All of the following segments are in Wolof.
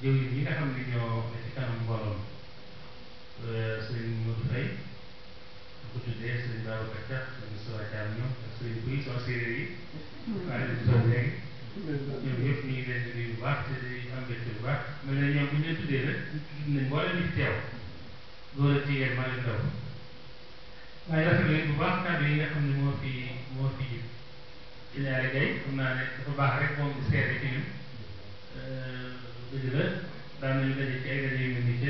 jëwriñ yi nga xam ne ñoo ne ci kanam mbooloom euh, sëriñ Modou Faye bu ko tuddee sëriñ Babacar Dia sëriñ Soura Thiam ñoom ak sëriñ Buy soo séeréer yi. waaye li mu léegi. ñoom ñëpp ñu ngi leen di bu baax te di am mbégte bu baax mel na ñoom bu ñu leen tuddee rek tudd nañ mboolem ñu teew góor ak jigéen maa leen daw waaye rafetlu leen bu baax yi nga xam ne moo fi moo fi ji ci ñaari gay xam naa ne dafa dëgg la daan nañu daje ci ay daje yu mel nii ca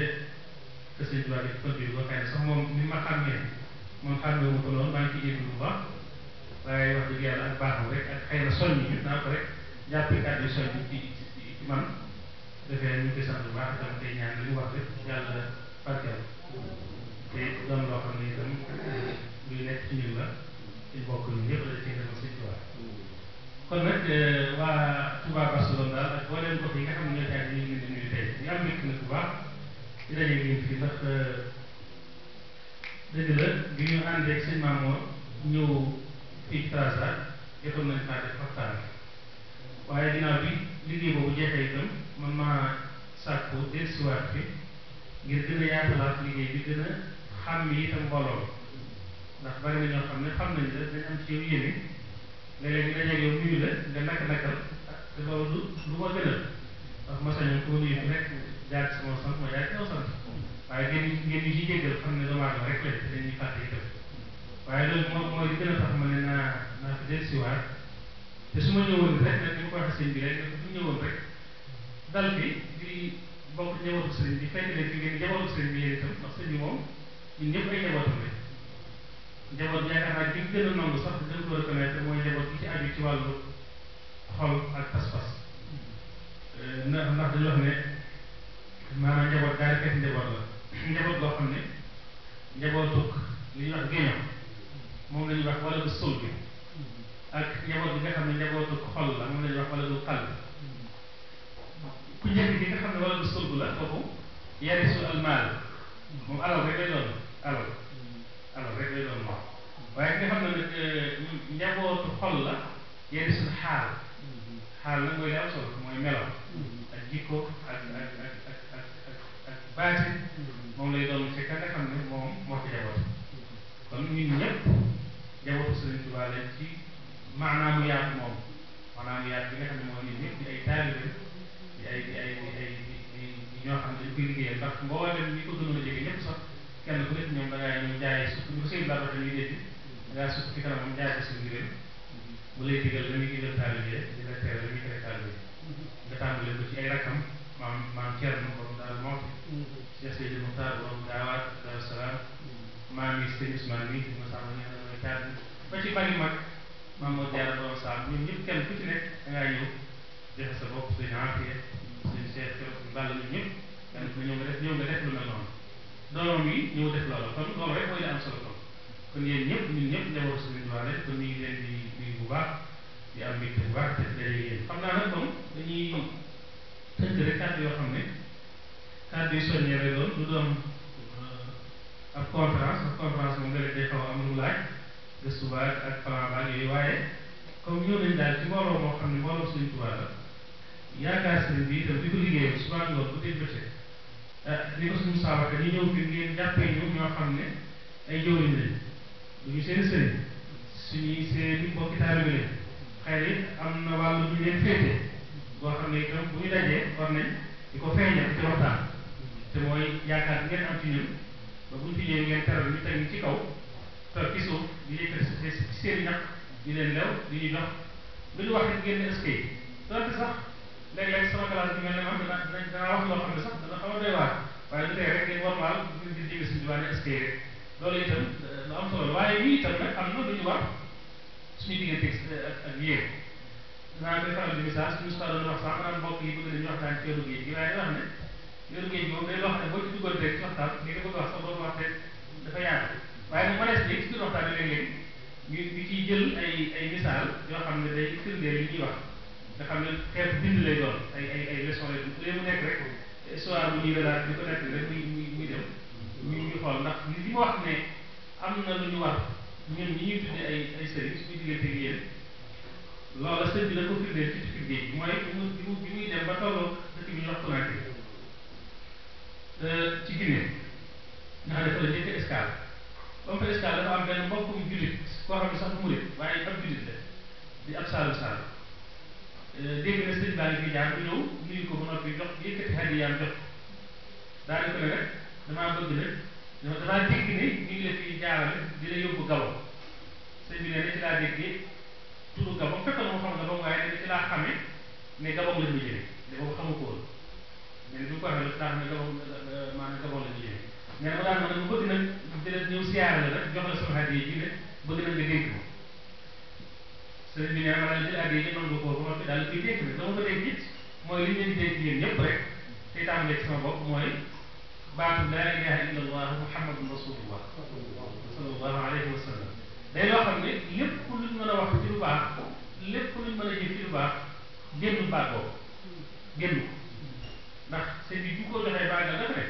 kër Sëñ Tuubaa bi pël bi ba xëy na sax moom ni ma xàmmee moom xàmmee wu ko noonu maa ngi ciy jéggi bu baax waaye wax dëgg yàlla ak baaxam rek ak xëy na soññi jot naa ko rek jàppee kàddu soññi ci ci man defee ñu ngi koy sant bu baax itam tey ñaan li mu wax rek yàlla barkeel te doon loo xam ne itam luy nekk ci ñun la ci bokk ñun ñëpp la ci demal Sëñ Tuubaa kon nag eh, waa Touba Barcelone daal ak booleem gox yi nga xam ne ñooy taal ñu ngi leen di nuyu tey ñu am mbégte nag bu baax di daje ngeen fii ndax eh, dëgg la bi ñu àndee ak sëñ Mamour ñëw fii ci Trasa jotoon nañ faa def waxtaan waaye ginnaaw bi liggéey boobu jeexee itam man maa sàkku dellusiwaat fi ngir gën a yaatalaat liggéey bi gën a xam yi itam mbooloo ndax bari na ñoo xam ne xam nañ la dañ am ci yow yéene. léeg-léeg dina ñëw yow nuyu la nga nakk nakkal te loolu du du ma gënal ndax ma sañoon koo nuyu fi rek jaar ci sama sant ma jaar ci sama sant waaye ngeen ngeen ñu ci jéggal xam ne doomu aadama rek la te dañuy fàtte itam waaye loolu moom mooy li gën a tax ma ne naa naa fi del siwaat te su ma ñëwoon rek nag ni ma ko waxee sëñ bi rek ne ko bu ñëwoon rek dal bi di bokk njabootu sëriñ bi fekk leen fi ngeen njabootu sëriñ bi yéen itam ndax sëñ bi moom ñun ñëpp ay njabootam lañ njaboot yaakaar naa bi gën a nangu sax ci wàllu xol ak pas-pas euh, ndax ndax dañuy wax ne maanaam njaboot daal kat njaboot la njaboot boo xam ne njabootuk li ñuy wax géñam moom la ñuy wax wala du suul bi ak njaboot bi nga xam ne njabootuk xol la moom la ñuy wax wala du xal ku njëkk gi nga xam ne wala du suul la foofu yarisu almaal moom alal rek lay doon alal alal rek lay doon waaye ki nga xam ne nag euh, njabootu xol la. yéen suñu mm-hmm. xaal xaal la mooy li am solo mooy melo mm-hmm. ak jikko ak ak ak ak ak ak baati mm-hmm. moom lay doon ci ka nga xam ne moom moo ko jaboot kon ñun ñëpp jabootu Sëriñ Tuubaa lañ ci maanaamu yaatu moom maanaamu yaatu bi nga xam ne mooy nit ñëpp di ay taalibe di ay di ay di ay di ñoo xam ne dañ koy liggéeyal ndax mboolem ñi ko gënoon a jege ñëpp sax kenn ku nekk ñoom da ngaa ñoom jaayee surtout bu seen dara dañuy dégg da ngaa surtout ci kanamam jaayee mu lay digal la muy digal taalibe di la tere la muy tere taalibe mm-hmm. nga tàmbale ko ci ay rakkam maam maam Thierno borom daal moo fi Cheikh Seydou Moukhtar borom daawaat Daaru Salaam mm-hmm. maam yi sëñ Ousmane mi ma sàmm ñu ne mooy taal ba ci mag mag maam moo jaar borom Saam ñun ñëpp kenn ku ci nekk da ngaa ñëw joxe sa bopp suñu enquête suñu seet bàll ñu ñëpp kenn ku ñëw nga def ñëw nga def lu mel noonu doomam yi ñëw def loolu kon loolu rek mooy la am solo kon kon yéen ñëpp ñun ñëpp ñëwoon suñu doole kon ñu ngi leen di bu baax di am mbégte bu baax te daje yéen xam naa nag moom dañuy tënk rek kàddu yoo xam ne kàddu yu soññee lay doon du doon euh, ab conférence ab conférence moom nga leen day xaw a am lu laaj gëstu baag ak plan baag yooyu waaye comme ñëw nañ daal ci mbooloo moo xam ne mbooloo suñu tubaab la yaakaar sëriñ bi itam di ko liggéeyal suba ngoon bu dégg bëccëg euh, ni ko suñu saabaka ñu ñëw fi ngeen jàppee ñu ñoo xam ne ay jëwriñ lañ duñu seen suñuy seeni mbokki taalibe yi am na wàllu bu ñu leen féete ne itam bu ñu dajee war nañ ko feeñal ci waxtaan te mooy yaakaar bi ngeen am ci ñun ba bu ñu fi ñëwee ngeen teral ñu teg kaw te ci suuf di yëkkati ci i ñàkk di leen lew di ñu jox lu ñu wax rek ngeen ne eskay donte sax léeg-léeg sama classe bi mel ne man dana dana wax loo xam ne sax dana xaw a doy di jëge suñu loolu itam lu am solo waaye lii itam nag am na lu ñu war suñu diggante ak yéen naa koy faral di message suñu soxla doon wax sax maanaam mbokk yi bëgg nañu waxtaan ci yoonu géej gi waaye wax ne yoonu géej gi moom day wax ne boo ci duggoon rek ci waxtaan li nga bëgg wax sax boo wax rek dafa yaatu waaye nag mënees bi ci biir waxtaan bi léeg-léeg ñu ñu ciy jël ay ay misaal yoo xam ne day firndeel li ñuy wax nga xam ne xeetu bind lay doon ay ay ay leçon lay doon léegi mu nekk rek histoire bu ñuy relaat di ko nekk rek muy muy muy dem ñun ñu xool ndax li mu wax ne am na lu ñu war ñun ñi ñuy ay ay sëriñ suñu diggante ak yéen loola sëñ bi da ko firndeel ci tukki géej mooy bi mu bi euh, ci Guinée nga xam ne fa la njëkk escale comme que escale dafa am benn mbokkum jullit koo waaye ab jullit di ab saalum saalum euh, dégg na sëñ Ba la fi jaar bu ñëw nuyu ko ba noppi jox yëkkati hadiyaam jox daal ko ne damaa bëgg rek dama damaa dégg ne ñu ngi la fi jaarale di la yóbbu Gabon sëñ bi nee na ci laa déggee turu Gabon fekkoon moo xam Gabon waaye dama ci laa xamee ne Gabon la ñu jëlee dama ko xamu ko woon mais du ko waxee la ne Gabon euh, maanaam Gabon la ñu jëlee mais nag daal ma ne bëgg nag di la ñëw siyaare la rek jox la sama addiya yi ne bëgg na nga dégg ko sëñ bi nee na ma ne jël addiya yi nga ko ba daal koy dégg nag dama ko dégg it mooy li ñu leen di dégg yéen ñëpp rek te tàmbalee ci sama bopp mooy بعد لا إله إلا الله محمد رسول الله sallallahu alayhi wa sallam day loo xam ne lépp luñ mën a wax ci lu baax lépp luñ mën a jëf ci lu baax génn baat boobu génn ko ndax sëñ bi bu ko joxee baat la dafa ne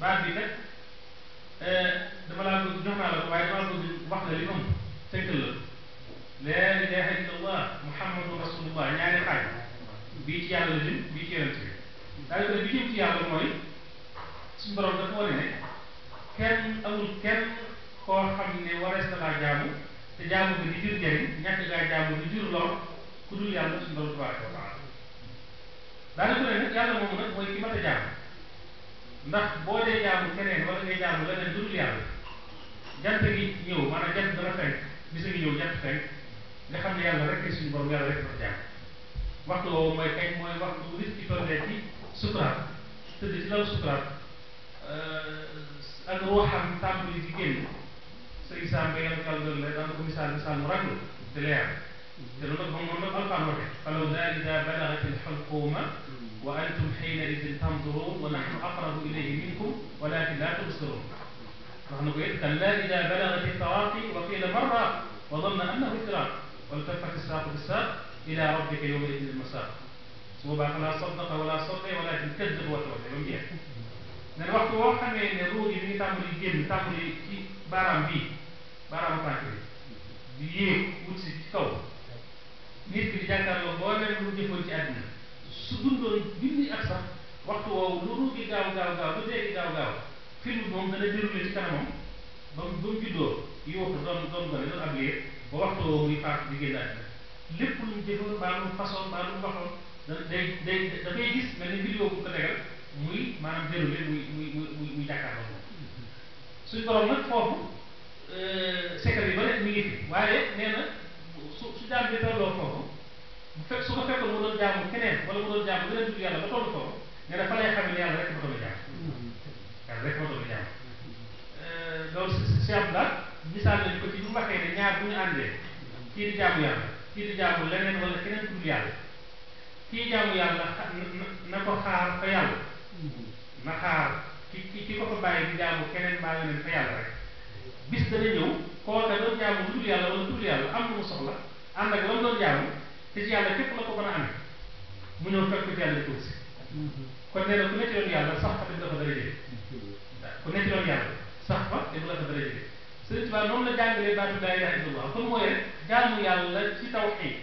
baat bi nag dama laa bëgg jox naa la ko waaye dama bëgg wax la li am tëkkal la laa ilaha illallah muhammadu rasulullah ñaari xaaj bii ci yàlla la jëm bii ci yonent bi daal bi jëm ci yàlla mooy suñu borom dafa wane ne kenn amul kenn koo xam ne warees na laa jaamu te jaamu ko di jur njëriñ ñàkk gaa jaamu di jur lor ku dul yàlla suñu borom tabaraka wa taala daanaka ne nag yàlla moomu nag mooy ki mat a jaamu ndax boo dee jaamu keneen wala ngay jaamu leneen dul yàlla jant gi ñëw maanaam jant dana fenk bis a ngi ñëw jant fenk nga xam ne yàlla rek suñu borom yàlla rek dafa jaam waxtu woowu mooy kañ mooy waxtu risque ci sukuraat tëdd ci law sukuraat ak ruuxam tàmbali di génn sëriñ Sam ba yàlla kàlla doon lay daan ko misaal misaal mu raglu te leer te loolu nag moom nag alquran waxe falaw zalika balagat alxulquma wa antum xiina idin tanzurun wa naxnu aqrabu ilayhi minkum walakin la tubsirun wax na ko it kalla ida balagat altaraqi wa qila marra wa danna annahu firaq والتفت الساق بالساق الى ربك يومئذ المساق. سوى بقى لا صدق ولا صدق ولكن كذب وتوكل يوم ne waxtu woo xamee ne ruu gi mi ngi tàmbali génn tàmbali ci baaraam bii baaraamu tànk bi di yéeg wut si ci kaw nit ki di jàkkaarloo boo leen lu jëfoon ci àddina su waxtu woowu lu ruu gi gaaw gaaw gaaw lu gi gaaw gaaw film moom dana déroulé ci kanamam ba mu ba mu juddoo yóoxu doon doon gone doon ab liir ba waxtu woowu muy faatu di génn àddina lépp lu mu jëfoon baa lu façon baa lu waxoon day day dafay gis mel ni vidéo bu ko tegal muy maanaam déroulé muy muy muy muy jàkkaarloo moom suñ borom nag foofu euh, secret yi ba nekk mi waaye nee su su jaam bi tolloo foofu su ko fekkoon mu doon keneen wala mu doon jaamu leneen tudd yàlla ba toll foofu nee na fa lay xam ne yàlla rek ma doon jaam yàlla rek ma doon jaam euh, loolu si si am daal misaal nañu ko ci bu waxee ne ñaar bu ñu àndee kii di jaamu yàlla kii di jaamu leneen wala keneen tudd yàlla kii jaamu yàlla na ko xaar fa yàlla na xaar ki ki ki ko fa bàyyi di jaamu keneen baa rek bis dana ñëw koo da doon jaamu dul yàlla wala dul am mu soxla ànd ak lam doon jaamu te ci yàlla képp ko mën a amee mu ñëw fekk ci yàlla tuuti kon nee na ku nekk yoon yàlla sax fa def dafa dara jëlee ku nekk yoon yàlla sax fa def dafa dara jëlee Sëriñ Tuubaa moom la jàngalee baatu laa ilaaha illallaah kon mooy rek jaamu yàlla ci tawhiid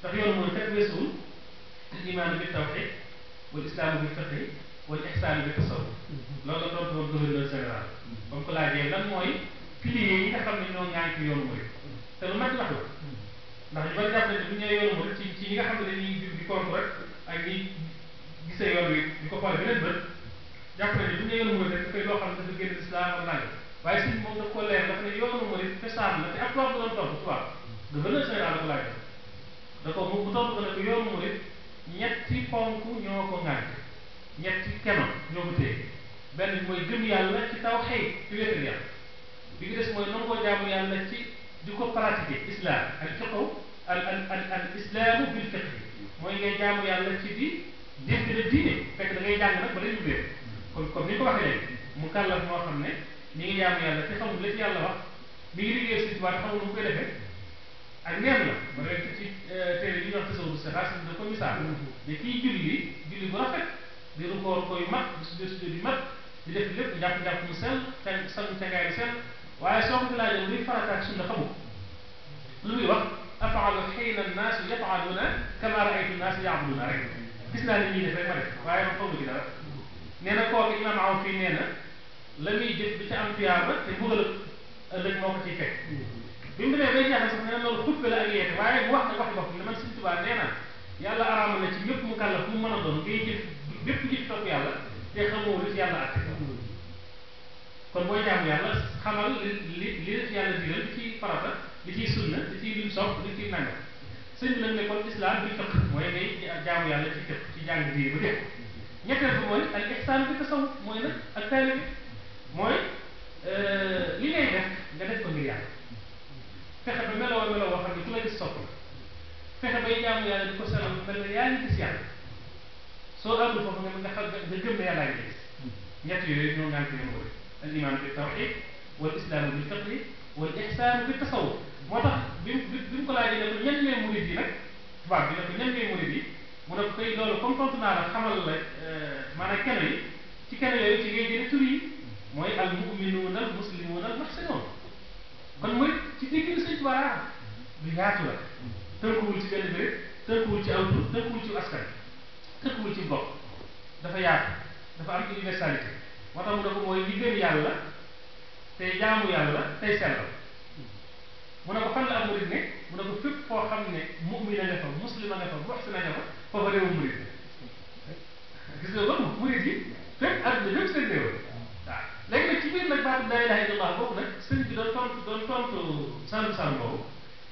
ndax yoon mooy wal islaamu bil fiqhi wal ihsaanu bi tasawuf loolu la doon doon gouverneur général mm-hmm. ba mu ko laajee lan mooy piliers yi nga xam ne ñoo ŋànk yoonu murid mm-hmm. te lu mag la mm-hmm. ndax ñu bari jàpp ne bu ñëwee yoonu murid ci ci ñi nga xam ne dañuy jur di compte rek ak ñi gisee yoon wi di ko xool beneen bët jàpp ne bu ñëwee yoonu murid rek dafay loo xam ne dafa génn islam ak nangam waaye suñ moom ko leer dafa ne yoonu murid cosaan la te ak loolu doon topp tubaab gouverneur ko laajee da ko mu tontu ko ko yoonu ñetti ponk ñoo ko ŋànk ñetti keno ñoo ko téye benn bi mooy gëm yàlla ci taw xëy ci wéetal yàlla bi nga des mooy nangoo jaamu yàlla ci di ko pratiquer islam al fiqhu al al al al islaamu bil fiqh mooy ngay jaamu yàlla ci di dégg la diine fekk da ngay jàng nag ba dañu réer kon comme ni ko waxee léegi mu kàllaf moo xam ne ñi ngi jaamu yàlla te xamul la ci yàlla mi ngi liggéey si tubaab xamul nu mu koy defee ak neen e la ma nekk ci téere yi ñuy wax tasawuf si racine de commissar ne kii julli julli bu rafet di rukoor koy mat di sujjóot sujjóot yu mat di def lépp jàpp-jàpp mu sell te sañ cangaay waaye soo ko laajee luy farata ak sunna xamu lu muy wax afaalu xiina annaasu yafaaluuna kama raaytu annaasu yaabuduuna rek gis naa ni ñuy def rek ma waaye man xamu ci dara nee na kooku imaam aw fii nee na la muy jëf bi ca am tuyaaba te mbugal ëllëg moo ko ciy fekk بيقول يا احنا شفنا انه الخف الاليات واحد واحده واحده كنا ما نسيت بقى يلا ارام لا تي ييب مكلف مو مانا دون بي جيف بيب جيف توك يلا تي خمو لي يلا اتي كون بوي جام يلا خمال لي لي يلا ديال تي فراتا لي تي سنه لي تي لم صوف لي تي نانغ سيد لن نكون الاسلام بالفقه موي غي جام يلا تي فقه تي جان دي بو ديف ñettel bi mooy al ihsan bi tasawuf mooy nag ak taalibi fexe ba meloo meloo boo xam ne ki la gis sopp fexe bay jaamu yàlla di ko solo mel ne yaa ngi gis yàlla soo amul foofu nga nga xam nga gëm ne yàlla ngi gis ñett yooyu ñoo ngànk ne mooy al iman bi tawxid wal islaamu bi fiqri wal ixsaanu bi tasawuf moo tax bi bi bi mu ko laajee ne ko ñan ngay murid yi nag tubaab bi ne ko ñan ngay murid yi mu ne ko koy loolu comme tontu naa la xamal la maanaam keneen yi ci keneen yooyu ci ngay jëlee tur yi mooy al muminuuna al muslimuuna al muxsinuun kon mooy ci dégg Sëñ Tuubaa lu yaatu la tënkuwul ci benn béréb tënkuwul ci aw tur tënkuwul ci askan tënkuwul ci mbokk dafa yaatu dafa am universalité moo tax mu ne ko mooy li gëm yàlla tey jaamu yàlla tey sellal mu ne ko fan la am murid ne mu ne ko fépp foo xam ne mu'min a nga fa muslima nga fa muhsin a nga fa foofa réewu murid gis nga loolu murid yi fépp àdduna lépp seen réew léegi nag ci biir nag baatu laa ilaaha illallaah boobu nag sëriñ bi doon tontu doon tontu sànni sànni boobu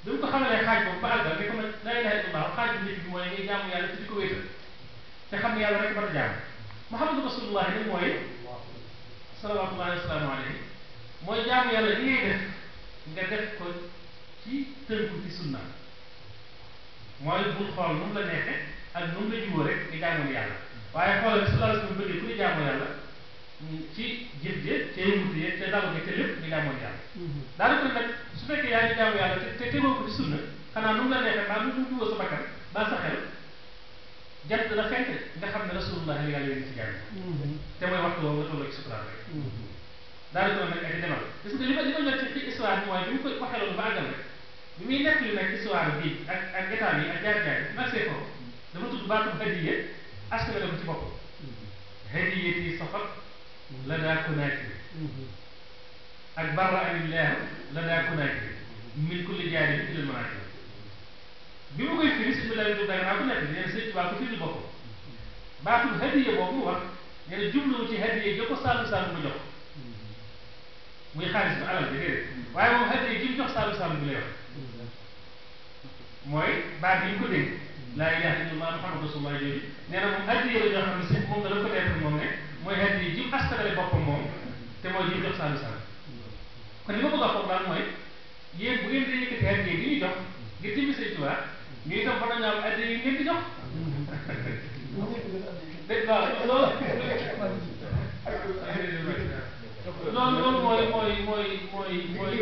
bi mu ko xamalee xaaj boobu ba àggal nga xam ne laa ilaaha illallaah xaaj bi njëkk mooy jaamu yàlla te di ko wéetal te xam ne yàlla rek mën a jaam Muhammadu mooy wa salaamu alayhi mooy jaamu yàlla li ngay def nga def ko ci tënku ci sunna mooy bul xool nu mu la neexee ak nu mu la jubóo rek nga jaamu yàlla waaye xoolal sallallahu alayhi wa sallam bëggee ku jaamu yàlla ci jëf jë ca yëngu yëpp ca dalu bi te lépp nga jaamoon yàlla. Mhm. daanaka nag su fekkee yaa ngi jaamu yàlla te te tegoo ko ci sunna xanaa nu mu la neexee mbaa nu mu dugal sa bakkan mbaa sa xel jant la fenk nga xam ne rasulullah la yàlla yéen ci jàng. Mhm. te mooy waxtu woowu nga tolloo ci sukkuraat rek. Mhm. daanaka nag ak demal gis nga li ma li ma ñor ci ci histoire bi mooy bi mu ko waxee loolu ba àggal rek bi muy nekk li nag histoire bi ak ak état yi ak jaar-jaar yi marché ko dafa tudd baatu hadiya askan la ci bopp. hadiyati safar لدى كناكر أكبر عن الله لدى كناكر من كل جانب كل المناكر بما في بسم الله دائما أقول لك لأن سيد باكو في البقو باكو الهدية بقوة وقت لأن الجملة هدية جوكو سالو سالو مجوك ويخالص بعلم بغيره waaye moom xel yi jëm jox saalu saalu bi lay wax mooy baat bi ñu ko dégg laa ilaha illallah muhammad rasulullah jooju nee na moom addiye la joo mooy xeet yi jim askanale boppam moom te mooy jim jox saabi saabi kon li ma bëgg a foog daal mooy yéen bu ngeen di yëkkati xeet yi di ñu jox ngir jëmmi Sëriñ Tuubaa ñu itam war nañoo am addiya yi ngeen di jox dégg nga loolu loolu loolu mooy mooy mooy mooy mooy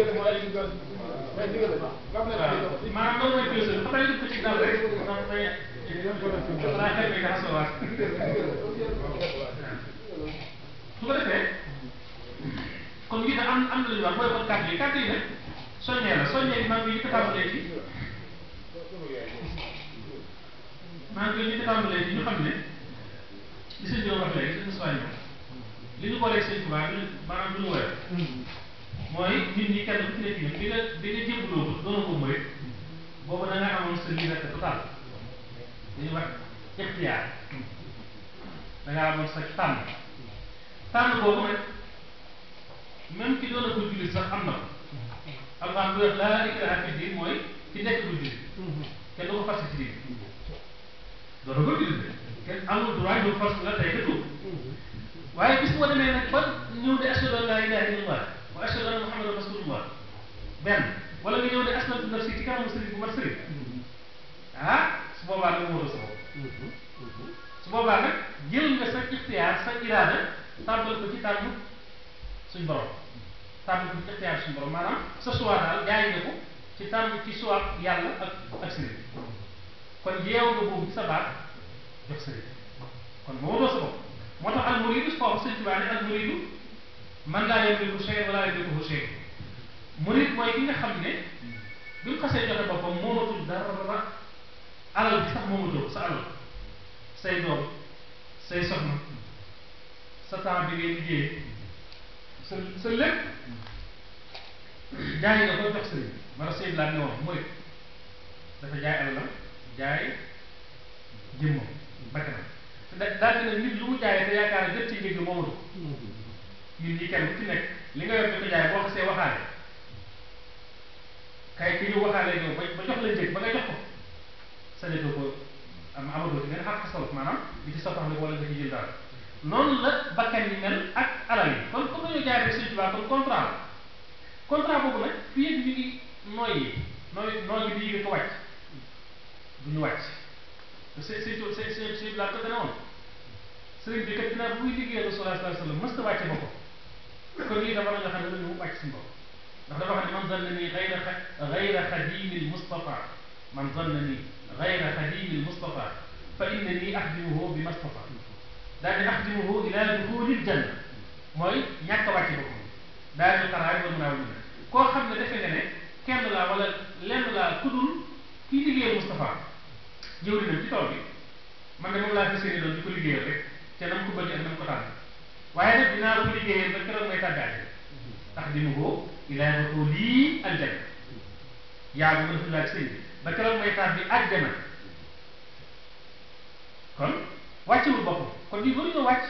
maanaam loolu mooy plus xam nga ko ci dal rek ndax day daa xel bi daa sowaat su ko defee kon lii nag am am na lu ñuy wax mooy kon kàddu yi kàddu yi nag soññee la soññee bi maa ngi ko tàmbalee ci maa ngi koy ñu tàmbalee ci ñu xam ne li sëñ bi wax léegi sëñ Moussa li ñu booleeg sëñ Tuubaa bi maanaam lu ñu wër mooy nit ñi kenn ku ci nekk ñun bi nga bi nga jébbaloo ko doon ko mooy boobu da nga amoon sa liberté totale dañuy wax ixtiyaar da nga amoon sa tànn. tànn boobu rek même ki doon a gudd jullit sax am na ko alxam bu wax laa ikraha fi diin mooy ci nekk bu jullit kenn du ko fas ci diin doon a gudd jullit kenn amul droit ñu fas la tey tuub waaye bis boo demee nag ba ñëw di ashhadu an laa ilaaha illallah wa ashhadu anna muhammadan rasulullah benn wala nga ñëw di aslamtu nafsi ci kanamu sëriñ bu mat sëriñ ah su boobaa nag wóorul sa bopp su boobaa nag jël nga sa ixtiyaar sa iraada tàbbal ko ci tànn suñ borom tànn ko ci xeyaar suñ borom maanaam sa suwaa daal jaay nga ko ci tànn ci suwaa yàlla ak ak sëriñ sa baat jox sëriñ kon boobu sa moo tax al muridu foofu sëñ Tuubaa ne al muridu man laa yamliku shay wala yamlikuhu shay murid mooy ki nga xam ne bi mu xasee joxe dara alal bi sax moomatoo sa alal say doom say soxna sa temps bi ngay liggéeyee sa sa lépp jaay nga ko jox sëriñ ma ne Seydou Lagne woon mooy jaay alalam jaay jëmmam bakkanam te da daal dina nit lu mu te yaakaar ne ci njëg moomu ko nit ñi kenn ku ci nekk li nga yor di ko jaay boo xasee kay ki ñu waxaale yow ba ba jox la njëg ba nga jox ko sañatoo ko am amadoo ci ngeen xàq solo maanaam li ci soxla wala nga ci jël noonu la bakkan yi mel ak alal yi kon comme nañoo jaaree Sëriñ Tuubaa kon contrat la contrat boobu nag fii ak ñu ngi nooyi nooyi nooyi bi yëge ko wàcc duñu wàcc së sëñ Tuubaa së së sëñ Tuubaa ko dana woon sëriñ bi kat dinaa buy liggéeyal Rasulullah sallallahu alayhi wa sallam mës ta wàcce boppam kon lii dafa la nga xam ne dañu wàcc suñu bopp ndax dafa xam ne man zanna ni gayra gayra xadimil Mustafa man zanna ni gayra xadimil Mustafa fa inna ni ahdimuhu bi Mustafa daal di axdimuhu ila duxulil janna mooy ñàkk a wàcce boppam daal di xaraay nga ne man de moom laa na mu ko bëgg ak na ba keroog may a tudd ak sëñ wàccewul boppam kon ñun waruñoo wàcc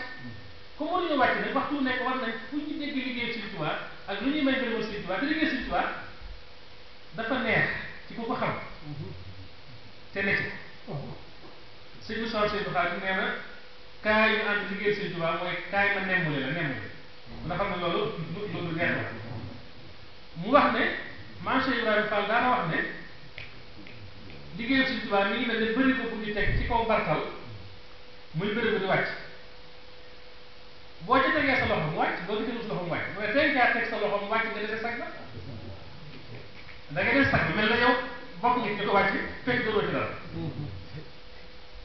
comme waruñoo wàcc nag waxtu wu nekk war nañ fu ñu dégg liggéey Sëriñ Tuubaa ak lu ñuy may ngërëmal Sëriñ Tuubaa te liggéey Sëriñ Tuubaa dafa neex ci ku ko xam te ne ci sëñ bi soxna Seydou Xaar nee na kaay yu ànd liggéey Sëriñ Tuubaa mooy kaay ma mu wax ne maam Cheikh Ibrahima Fall daana wax ne liggéey Sëriñ Tuubaa mi ngi mel ne bëri ko fu ñu teg ci kaw muy bëri di wàcc boo ca tegee sa loxo mu wàcc boo ci tegul sa loxo mu wàcc bu dee tey ngaa teg sa loxo mu wàcc sag ba da nga sag bi mel na yow bokk nit ñi ko wàcc fekk doo ci dara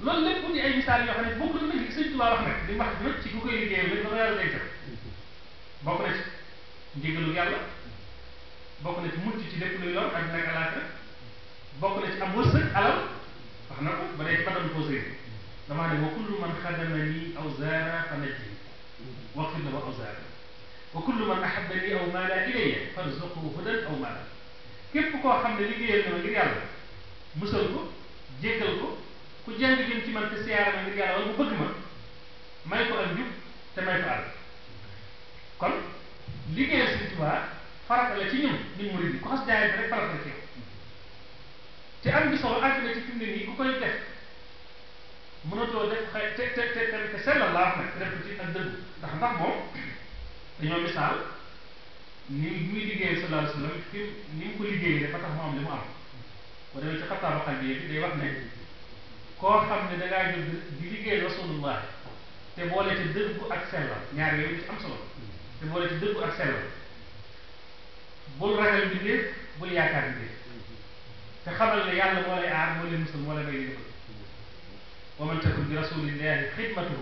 loolu lépp bu ñu ay misaal yoo xam ne bokk na li Sëñ Tuubaa wax nag di wax ñëpp ci ku koy liggéeyam lépp dafa yàlla day def bokk na ci njëgalu yàlla bokk na ci mucc ci lépp luy lor ak nag alaaka bokk na ci am wërsëg alal wax na ko ba day ci madame Posé طبعا وكل من خدمني او زار فمدني وقد وازار وكل من احب لي او مال الي فارزقه هدى او مال كيف بقى حمد لي جيل من غير يالله مسلمو جيكلو كو جاندي جيم تي مان تي سيار من غير يالله بو بغما ماي كو اندي تي ماي فال كون لي جيل سيتوا فرق لا تي نيم ني موريد كو خاص داير رك فرق لا تي تي ام بي سو اك لا تي فيمني كو كوي mënatoo def xëy te te te te sellal na wax nag def ko ci ak dëgg ndax ndax moom dañoo misaal ni muy liggéey sallallahu alayhi wasallam fi ni mu ko liggéeyee dafa tax mu am li mu am bu demee ci xataa ba bi day wax ne koo xam ne da ngaa jóg di liggéey rasulullah te boole ci dëggu ak sellal ñaar yooyu ci am solo te boole ci dëggu ak sellal bul ragal mbindeef bul yaakaar mbindeef te xamal ne yàlla moo lay aar moo lay musal moo lay may ومن تكن برسول الله خدمته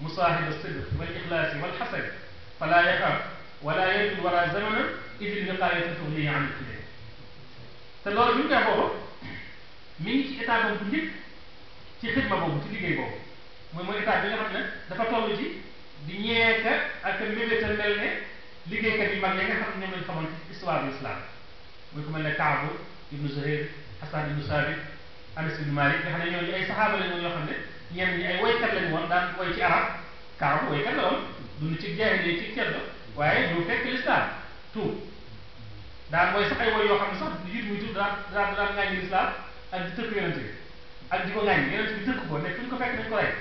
مصاحب الصدق والاخلاص والحسد فلا يخاف ولا يدل ولا زمن اذ الوقايه تغنيه عن الابتلاء. تلور من كابو من كتاب بنجيب في خدمه بوب في ليغي بوب موي موي كتاب بيغا خامنا دا فا تولو جي دي نييكا اك ميليتا ملني ليغي كات يمان ليغا خامنا نيمن خامون في استوار الاسلام موي كوم ملني كعب ابن زهير حسان بن ثابت Anas ibn Malik nga xam ne ñooñu ay saxaaba la ñoo xam ne ñenn ñi ay waykat lañu woon daan woy ci arab Kaab waykat la woon dund ci jaahiliya ci ceddo waaye du fekk lislaam tuub daan woy sax ay woy yoo xam ne sax jiit muy tuub daan daan daan ngaañ lislaam ak di tëkk yonent bi ak di ko ngaañ yonent bi tëkk ko ne fu ñu ko fekk nañ ko rey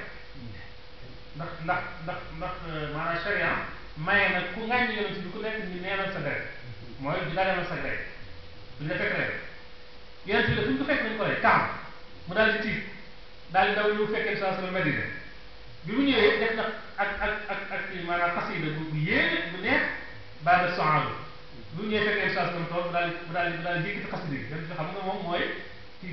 ndax ndax ndax ndax euh, maanaam sharia maye na ku ngaañ yonent bi ku nekk ñu neenal sa deret mooy di daganal sa deret duñ la fekk rek yonent bi la fu ñu ko fekk nañ ko rey Kaab mu daal di tiit daal di daw ñëw fekkee saa sama Madina bi mu ñëwee def na ak ak ak ak maanaam xasida bu bu yéeme bu neex baal la soxalu bu ñëwee fekkee saa sama tool mu daal mu daal mu daal gi dem moom mooy ci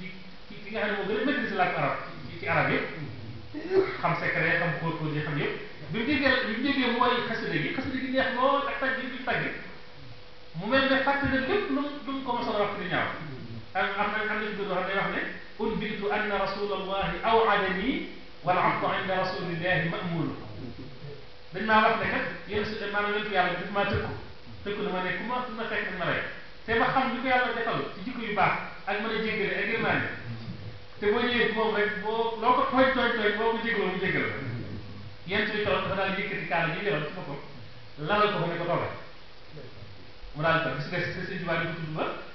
ci ci ci nga xam ne moo gën a maîtriser làkk arab ci arab yëpp xam secret xam xóot-xóot yi xam yëpp bi mu déggee bi mu déggee mooy xasida gi xasida gi neex lool ak tàgg bi ñu tàgg mu mel ne fàtte na lépp lu mu lu mu ko mos a di ñaaw am am na am na ñu doon wax day wax ne أدبرت أن رسول الله أوعدني والعفو عند رسول الله مأمول بما رفنا كد يمس ما نلقي على ما تكو تكو لما نكو ما ثم تك المرأة تبا خم لك يا الله تكلو تجيكو يبا أجمع الجيجر أجمع ماني تبوني يجمع ويك بو لوك توي توي توي بو بيجيكو بيجيكو يمس يترى هذا الجيجر كتكار الجيجر ولا تكو لا لا تكو هني كتوره مرال تكو سكس سكس يجوا يجوا ت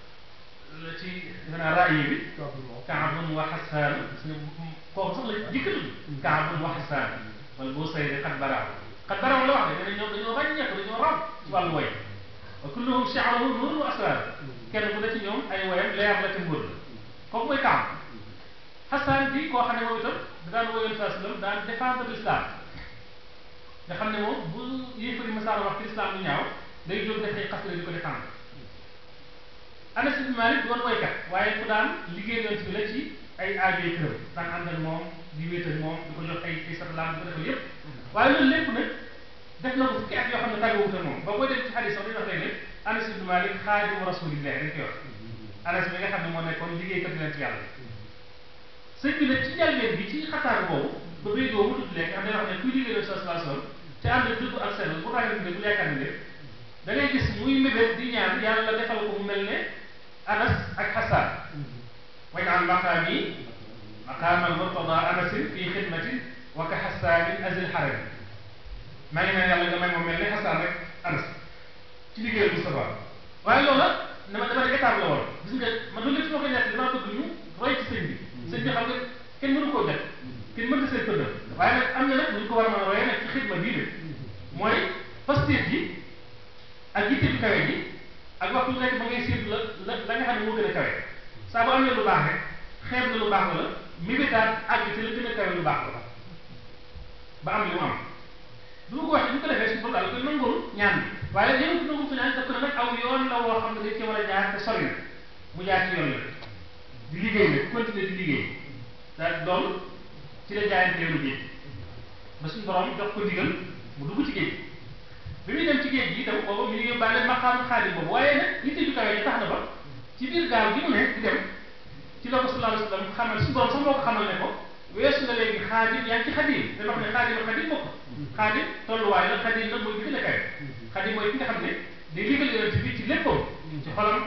ci maanaam raay yi bi kaabun wa xasaan kooku sax la jëkkal kaabun wa xasaan wala boo say de xat baraaw xat baraaw la wax ne dañoo dañoo ràññeeku dañoo raw ci wàllu way wa kulluhum sha'ru nuurun wa asraar kenn ku ne ci ñoom ay wayam leer la te mbër la kooku mooy kaab xasaan bi koo xam ne moom itam da daan woyoon saa sallam daan défendre l'islam nga xam ne moom bu yéefari masaara wax ci islam lu ñaaw day jóg def ay xasida di ko défendre Anas ibn Malik doon woykat waaye ku daan liggéey yonent bi la ay aajoy këram daan ànd ak moom di wéet ak ay ay satalaam di ko waaye loolu lépp nag def na ko fukki at ne tàggawut ak moom ba booy dem ci xadis sax dañuy wax léegi Anas ibn Malik xaadimu rasulillah dañ koy wax Anas bi nga xam ne moo nekkoon liggéeykat yonent yàlla bi nag ci njëlbeen bi boobu ba béy boobu mu tudd lekk am na ne kuy liggéey yonent sallallahu alayhi wasallam te am na dugg ak sell bu ràññee ne bu lekkaan ne da ngay gis muy mébét di ñaan أنس أك حسان وجعل مقامي مقام المرتضى أنس في خدمة وكحسان أزل حرم ما لنا يا الله جمعي ممن لي حسان أنس كيف يجي المصطفى وقال له لا لما تبقى كتاب لور بس ما نقول لك شنو كان يعني تبقى رايت سيدي سيدي خلق كان منو كودا كان منو سيدي وقال لك أنا لك نقول كبار من رايانا في خدمة دي موي فاستير دي أكيد تبقى كاري ak waxtu nekk ba ngay séntu la la la nga xam ne moo gën a kawe saa bu amee lu baax rek xeeb na lu baax la mi ngi daal àgg ci la gën a kawe lu baax la ba am li mu am. bu ma ko waxee bu ko defee suñu daal koy nangul ñaan bi waaye li ma ko ñaan daf ko nag aw yoon la woo xam ne dañ cee war a jaar te sori na mu jaar ci yoon la di liggéey nag continuer di liggéey daal doom ci la jaayante mu jéem ba suñu borom jox ko digal mu dugg ci géej bi muy dem ci géej gi itam boobu mi ngi yóbbaale maqaamul xaadim boobu waaye nag yitte ju kawe ji tax na ba ci biir gaal gi mu ne di dem ci la ko sallallahu alayhi wa sallam xamal su doon sax moo ko xamal ne ko weesu na léegi xaadim yaa ngi ci xadim te wax ne xaadim ak xadim bokk xaadim tolluwaay la xadim nag mooy bi gën a kawe xadim mooy ki nga xam ne day liggéey yonent bi ci léppam ci xolam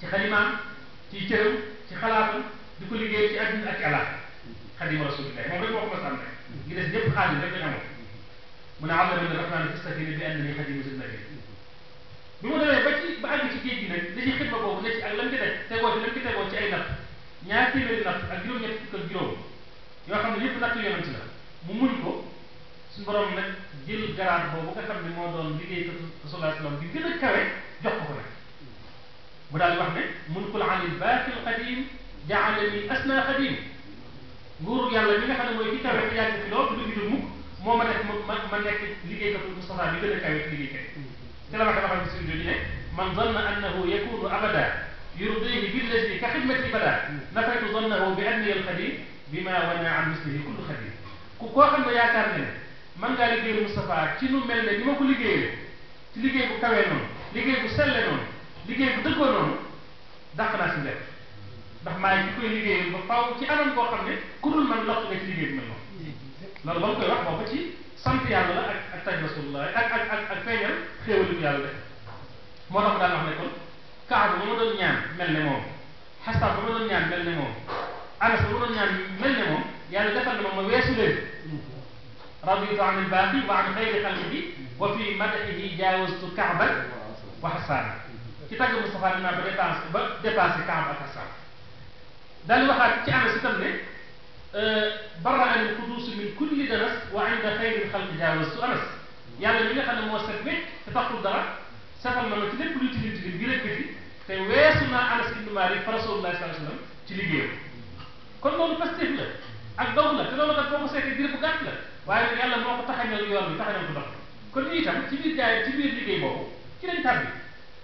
ci xalimaam ci cëram ci xalaatam di ko liggéey ci àddina ak ci àllaaxira xadim rasulillah moom rek moo ko mas am rek gi des ñëpp xaadim rek lañ amoon من عمل من الرحمن تستفيد بان لي حد يزيد لك بمدى ما يبكي بعد شيء جديد لك لدي خدمه بابا لدي علم لك تقول لك كتاب وانت اي نفس ياتي من النفس اجلو يفتك الجلو يا خم لي بنات يوم انت مومن كو سن بروم نك جيل غراد بابا كخم لي مودون ليغي رسول الله صلى الله عليه وسلم دي كاري جوك كو نك مودال واخ نك ملك العلي الباقي القديم جعلني اسنا قديم نور يالله ميغا خا دا موي كي تاريخ يا كي لو دو دو موك moo ma def ma ma nekk liggéeykatu Moustapha bi gën a kawe liggéeykat ci la waxe waxal ci studio bi ne man zanna annahu yakunu abada yurdihi billadi ka xidmati bada nafaytu zannahu bi anni alxadim bima wana an mislihi kullu ku koo xam ne yaakaar ne man ngaa liggéeyal Moustapha ci nu mel ne ni ma ko liggéeyee ci liggéey bu kawee noonu liggéey bu selle noonu liggéey bu dëggoo noonu dàq naa si ndax maa ngi koy liggéeyal ba faw ci anam koo xam ko ku dul man lott nga ci liggéey bi mel noonu loolu ba mu koy wax boobu ci sant yàlla la ak ak taj rasulullah ak ak ak ak feeñal xéewalu yàlla def moo tax daan wax ne kon kaaba ba ma doon ñaan mel ne moom xastaab ba ma doon ñaan mel ne moom anas ba ma doon ñaan mel ne moom yàlla defal na ma ma weesu leen raditu an albaqi wa an xayri xalqihi wa fi madaxihi jaawastu kaaba wa xasaana ci tagg Moustapha dinaa ba dépassé ba dépassé kaaba ak xasaan daal waxaat ci anas itam ne barra ani kuduus min kulli danas wa inda xayril xalqi jaawastu anas yàlla mi nga xam ne moo set wécc te taxul dara setal na ma ci lépp luy tilim tilim bi rek ci te weesu naa anas ibnu maalik fa rasulullah sallallahu alayhi wasallam ci liggéeyam kon loolu pastif la ak dox la te loolu kat boo ko seetee diir bu gàtt la waaye nag yàlla moo ko taxañal yoon bi taxañal ko dox kon lii tam ci biir jaay ci biir liggéey boobu ci lañ tàbbi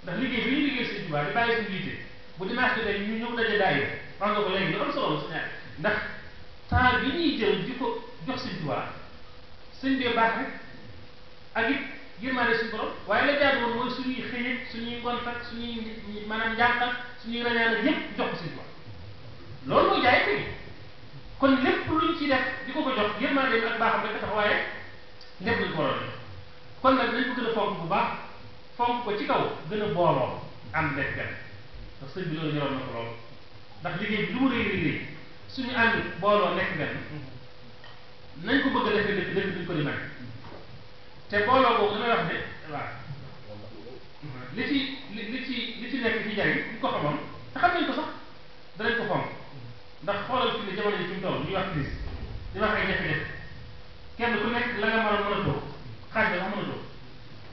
ndax liggéey bi ñuy liggéey Sëñ Tuubaa di bàyyi suñu liggéey bu dimanche bi tey ñu ñëw daje daayira wax nga ko léegi lu am solo ndax temps bi ñuy jël di ko jox sëñ Tuubaa sëñ bee baax rek ak it yërmaane suñu borom waaye la jaar woon mooy suñuy xëy suñuy ngont ak suñuy maanaam njàq ak suñuy rañaan ak yépp jox ko sëñ Tuubaa loolu mooy jaay tey kon lépp luñ ci def di ko ko jox yërmaane ak baaxam rek tax waaye lépp luñ ko war a kon nag nañ ko gën a fonk bu baax fonk ko ci kaw gën a booloo am benn benn ndax sëñ bi loolu ñoroon na ko lool ndax liggéey bi lu mu rëy suñu ànd booloo nekk benn nañ ko bëgg a defee dëkk dëkk duñ ko di mën te booloo boobu damay wax ne waaw li ci li ci li ci nekk ci njariñ ñu ko xamoon te xam nañ ko sax danañ ko fonk ndax xoolal fi ne jamono ji fi mu toll ñuy wax crise di wax ay jafe-jafe kenn ku nekk la nga mën a mën a dóor xaaj ba mën a dóor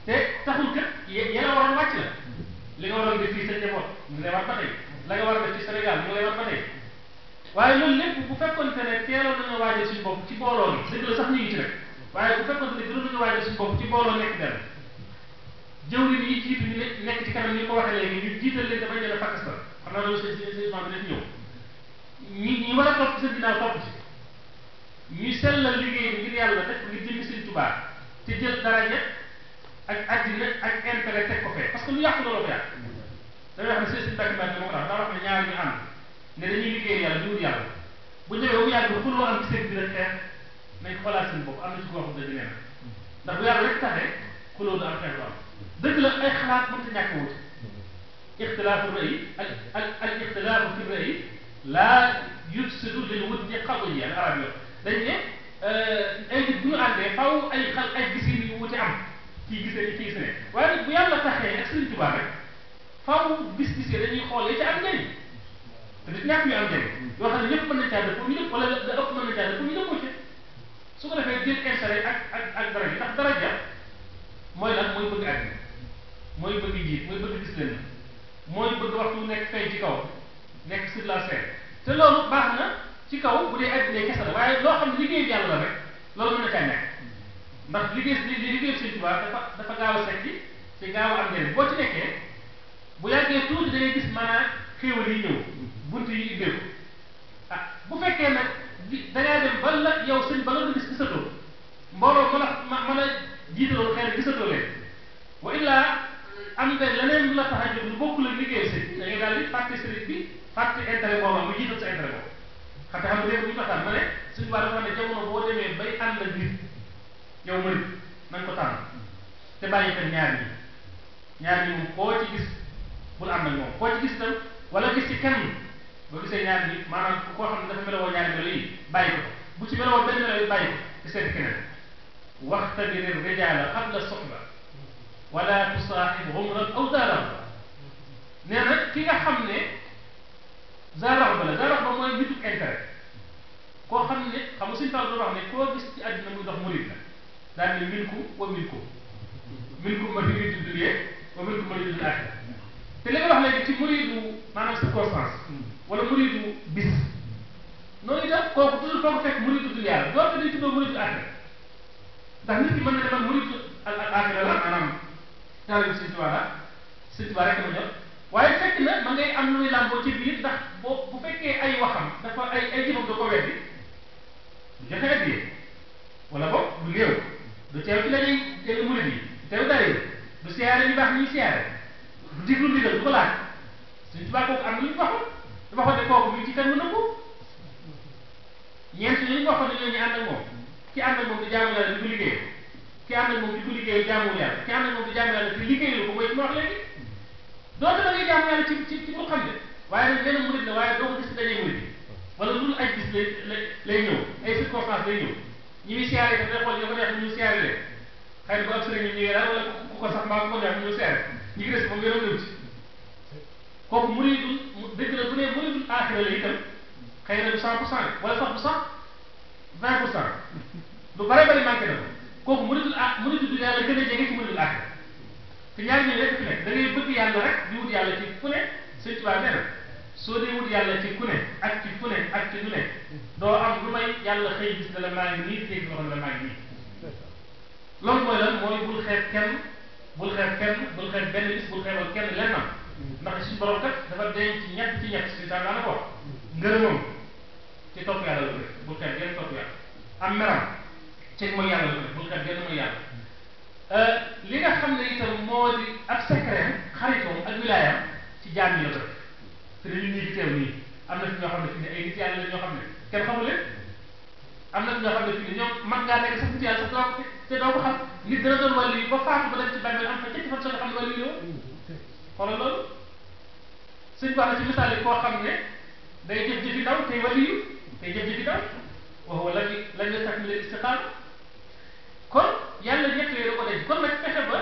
te taxul kat yéen a waroon wàcc la li nga waroon def fii sa njaboot mu lay war ba tey la nga war a def ci Sénégal mu lay war ba tey waaye loolu lépp bu fekkonte ne teeloon nañoo waajal suñu bopp ci mbooloo mi dëgg la sax ñu ngi ci rek waaye bu fekkonte ne gënoon nañoo waajal suñu bopp ci mbooloo nekk dem jëwrin yi jiitu ñu nekk ci kanam ni ko waxee léegi ñu jiital leen dafay jëlee Pakistan xam naa loolu seen seen bi daf ñëw ñi ñi war a topp sa ginnaaw topp ci ñu sellal liggéey bi ngir yàlla teg ngir jëmi seen tubaab te jël daraja ak àddina ak intérêt teg ko fee parce que lu yàqu loolu ko yàq damay wax ne seen seen bàkki bàkki moom tax daa wax ne ñaar ñu ànd ne dañuy liggéey yàlla di wut yàlla bu ñëwee ba mu yàgg xuloo am ci seen biir ak xeex nañ xoolaat seen bopp am na ci koo xam ne dina ndax bu yàlla rek taxee xuloo du am xeex du am dëgg la ay xalaat mënta ñàkk wut ixtilaafu rëy ak ak ak ixtilaafu fi rëy laa yufsidu lil wut ñi xawul yàlla arab yo dañ ne ay nit bu ñu àndee faw ay xal ay gisin yu wute am kii gisee kii gisee waaye nag bu yàlla taxee ak sëriñ tubaab rek faw gis-gis yi dañuy xool yi ci am njëriñ te ñaata ñu am jege yoo xam ne ñëpp mën nañ caa def pour ñu ñëpp wala da ëpp mën nañ caa def pour ñu ñëpp ko ci ko defee jël installé ak ak ak dara yi ndax dara ja mooy lan mooy bëgg àddina mooy bëgg njiit mooy bëgg discipline mooy bëgg waxtu nekk fay ci kaw nekk si la scène te loolu baax na ci kaw bu dee àddina kese la waaye loo xam ne liggéey jàll la rek loolu mën na caa nekk ba liggéey li liggéey Sëñ Tuubaa dafa dafa gaaw a te gaaw a am boo ci nekkee bu yàggee tuuti da ngay gis maanaam xéewal bunt yi ah, bu fekkee nag dangaa ben ba la yow sëñ ba la nga gis gisatoo mbooloo ko la ma mën a jiitaloon xeer gisatoo leen wa illaa am na leneen la tax a jóg lu bokkul ak liggéey sëñ da ngay daal di fàtte sëriñ bi fàtte intérêt boobu mu jiital sa intérêt boobu xam nga xam nga léegi bu ñu waxtaan ma ne suñu waa dafa ne jamono bay ànd ak nit yow mëri na nga ko tànn te bàyyi xel ñaar ñi ñaar ñi moom koo ci gis bul ànd ak moom ci gis tam wala gis ci kenn ba gisee ñaari nit maanaam koo xam ne dafa melowoo ñaari melo yi bàyyi ko bu ci melowoo benn melo yi bàyyi ko te seet keneen waxtabir rijaala qabla suxba wala tusaaxib xumran aw zaaraxba nee na ki nga xam ne zaaraxba la zaaraxba mooy nitub intérêt koo xam ne xam nga suñu taal doon wax ne koo gis ci àddina muy dox murid la daal ne milku wa milku milku ma riidu dunyee wa milku ma riidu aaxira te li nga wax léegi ci muridu maanaam circonstance wala muridu bis noonu itam kooku toujours foo ko fekk muridu tudd yàlla doonte dañ tuddoo muridu àxira ndax nit ki mën na demal muridu al àxira la maanaam taalibu Sëñ Tuubaa la Sëñ Tuubaa rek ma jot waaye fekk na ma ngay am lu muy làmboo ci boo bu fekkee ay waxam dafa ay ay jëfam da di weddi du joxe addiye wala boog du léew du teew ci la ñuy teew murid yi du teew dara du siyaare baax ñuy siyaare du diglu ndigal du ko laaj Sëñ Tuubaa kooku am lu ñu waxoon ne kooku ñu ci kenn mën na ko ñeent ñi waxoon ne ñooñu ànd ak moom ki ànd ak moom di jaamu yàlla di ko liggéey ki ànd ak moom di ko liggéey jaamu yàlla ki ànd ak moom di jaamu yàlla di liggéeyal ko mooy ci ma wax léegi doote da ngay jaamu yàlla ci ci ci pour xam ne waaye nag benn murid la waaye doo ko gis dañuy murid wala lu ay gis lay lay ñëw ay circonstance lay ñëw ñi muy siyaare dafay xool ñoo ko neex ñu siyaare leen xëy na bu ak sëriñ ñu ñëwee daal wala ku ko sax mbaa ko neex ñu siyaare ñi ngi des moom gën a ñëw ci kooku muridul dëgg la bu ne muridul aaxira la itam xëy na du cent pour cent wala sax du sax vingt pour cent lu bare bari manqué na ko kooku muridul a muridul bi yàlla gën a jege ci muridul aaxira te ñaar ñi rek fi nekk da ngay bëgg yàlla rek di wut yàlla ci ku ne sëñ Tuubaa nee na soo dee wut yàlla ci ku ne ak ci fu ne ak ci lu ne doo am lu may yàlla xëy gis ne la maa ngi nii dégg nga la maa ngi nii loolu mooy lan mooy bul xeeb kenn bul xeeb kenn bul xeeb benn bis bul xeebal kenn lennam ndax suñu na kat dafa denc ñett ci ñett si daanaka ko wax ngërëmam ci topp yàlla la ko def bul xeeb genn topp yàlla am meram ci mooy yàlla la ko def bul xeeb euh, li nga xam ne itam moo di ab secret xaritoom ak wilaayam ci jaam yi la ko def te dañu ñii di teew nii am na fi ñoo xam ne fi ne ay nit yàlla ñoo xam ne kenn xamul leen am na ñoo xam ne fii ñoom mag ngaa nekk sax nit yàlla sax doo te doo ko xam nit dana doon wàllu ba faatu ba dem ci bàmmeel am fa ñetti fan xam ne wàllu xoolal loolu sëñ bi wax ci misaal yi koo xam ne day jëf jëfi daw tey wali yu day jëf jëfi daw wax wala li lañ la takk leen istiqaama kon yàlla kon nag fexe ba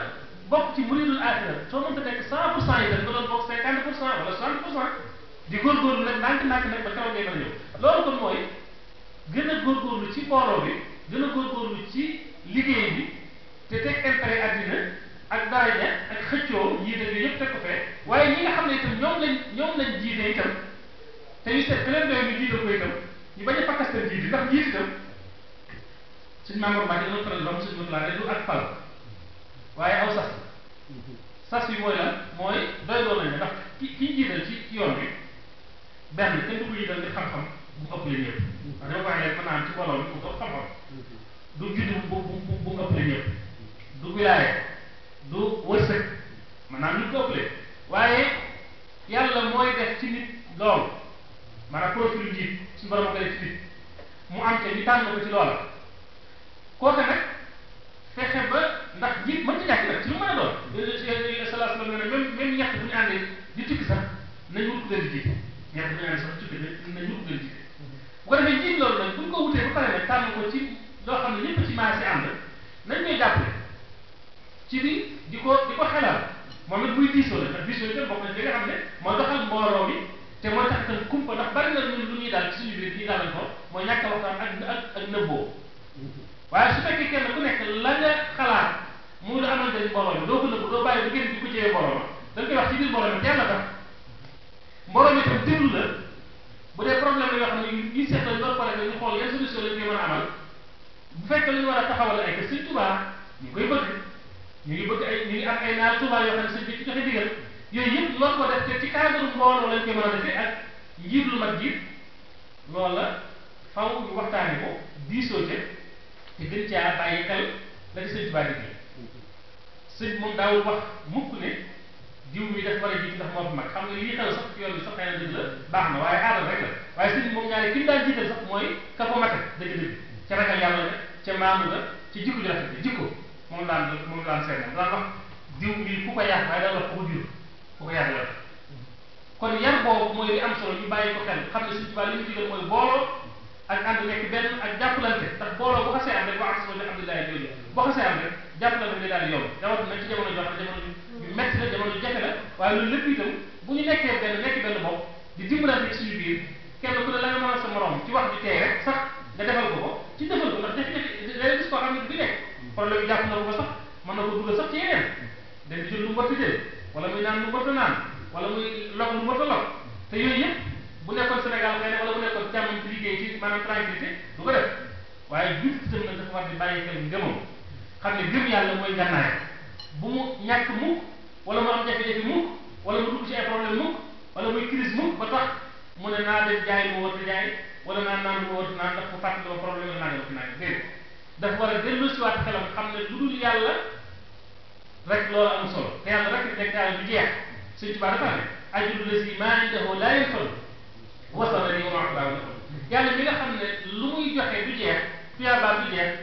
bokk ci muridul aaxira soo mënta nekk 100 pour cent yi dañ ko doon bokk 50 pour cent wala di góorgóorlu nag ndànk ndànk nag ba kaw ngay mën a ñëw loolu kon mooy gën a góorgóorlu ci booloo bi gën a góorgóorlu ci liggéey bi te teg ak daraja ak xëccoo yiite yooyu yëpp teg ko fee waaye ñi nga xam ne itam ñoom lañ ñoom lañ jiite itam te ñu seet keneen doy ñu jiite ko itam ñu bañ a fakkastal jiite ndax jiite itam suñ maamor Mbacke loolu faral loolu suñ mënulaa ne du ak fal waaye aw sas sas yi mooy lan mooy doy loo nañ ndax ki ki jiital ci yoon bi benn kenn du ko jiital di xam-xam bu ëpp leen ñëpp ndax dama waxee rek mën naa ci mbooloo bi bu ko xam-xam du jiitu bu bu bu ëpp leen ñëpp du ko yaayee du wërsëg maanaam ñu toppale waaye yàlla mooy def ci nit lool maanaam profil njiit suñu borom ko def ci nit mu am te ñu tànn ko ci loola kooka nag fexe ba ndax njiit mën ci ñàkk nag ci lu mën a doon salaa salaam ne même même ñett bu ñu àndee di tukki sax nañu wut gën jiite ñett bu ñu àndee sax tukki nañu wut gën jiite bu ko defee njiit loolu nag bu ñu ko wutee ba pare nag tànn ko ci loo xam ne ñëpp ci maas yi ànd nañ koy jàppale ci ni di ko di ko xelal moom it muy diisoo la ndax diisoo itam bokk na li nga xam ne mooy doxal mbooloo mi te mooy tax itam kumpa ndax bari na ñun lu ñuy daal ci suñu biir ñuy daal ko mooy ñàkk waxtaan ak ak ak nëbboo waaye su fekkee kenn ku nekk la nga xalaat mu la amal njëriñ mbooloo mi doo ko nëbb doo bàyyi bu génn di ko jëyee mbooloo ma da nga koy wax ci biir mbooloo mi teel la tax mbooloo mi itam déglu la bu dee problème la yoo xam ne yi seet la doon problème ñu xool yan solution lañ koy mën a amal bu fekkee lu ñu war a taxawal ay kër sëñ tubaa ñu koy bëgg ñu ngi bëgg ay ñu ngi am ay naal tubaab yoo xam ne sëñ ko ci cadre mbooloo lañ koy a defee ak njiit lu mat jiit loolu la faw ko diisoo ca te gën caa bàyyi xel la ci sëñ Tuubaa digle sëñ moom daawul def a sax bi sax xëy na dëgg la baax na waaye la mooy ka ko mate dëgg-dëgg ca ragal yàlla la ca maamu la ca jikko ju jikko moom laan moom laan seen daan wax diw bii ku ko yar waaye daal wax ku ko jur ku ko yar yor kon yar boobu mooy li am solo ñu bàyyi ko xel xam ne suñu tubaab li ñu digal mooy booloo ak ànd nekk benn ak jàppalante ndax booloo bu xasee am rek wax ak sama Abdoulaye jooju bu xasee am rek jàppalante day daal di yomb rawatina ci jamono joo xam ne jamono yu métti la jamono yu jafe la waaye loolu lépp itam bu ñu nekkee benn nekk benn bopp di dimbalante suñu biir kenn ku ne la nga mën a sa morom ci wax di tey rek sax nga defal ko ko ci defal ko ndax def def léeg-léeg gis koo xam ne du nekk problème bi jàpp na ko ba sax mën na ko sax ci yeneen dañ jël lu mu war a jël wala muy naan lu mu a naan wala muy log lu mu war a log te yooyu yëpp bu nekkoon Sénégal xëy na wala bu nekkoon jàmm ci liggéey ci maanaam tranquillité du ko def waaye jur ci tam nag dafa war di bàyyi xel ngëmam xam ne gëm yàlla mooy gànnaay bu mu ñàkk mukk wala mu am jafe-jafe mukk wala mu dugg ci ay problème wala muy crise mukk ba tax mu ne naa def jaay mu war a wala naa naan mu war a naan ndax bu daf war a dellusiwaat xelam xam ne lu dul yàlla rek loolu am solo te yàlla rek dekkaale du jeex Sëñ Tuubaa dafa ne ajru lazi maa indahu laa yanfadu wasala ni wa maa baaw yàlla nga xam ne lu muy joxe du jeex tuyaaba du jeex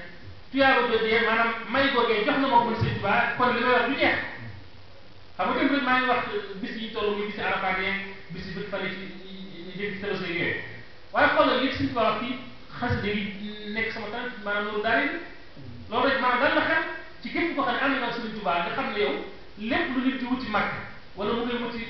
tuyaaba du jeex maanaam may googee jox na ma ko mën Sëñ Tuubaa kon li may jeex xam nga démb rek maa ngi wax bis yi toll muy bisi Arafat yeeg bisi bët fan yi ci jëkk ci selo sey yooyu waaye li Sëñ Tuubaa wax fii xasida yi nekk sama tànk maanaam loolu daal la loolu rek ci képp koo xam ne am na Sëriñ Tuubaa nga xam ne yow lépp lu nit di wuti màgg wala mu koy wuti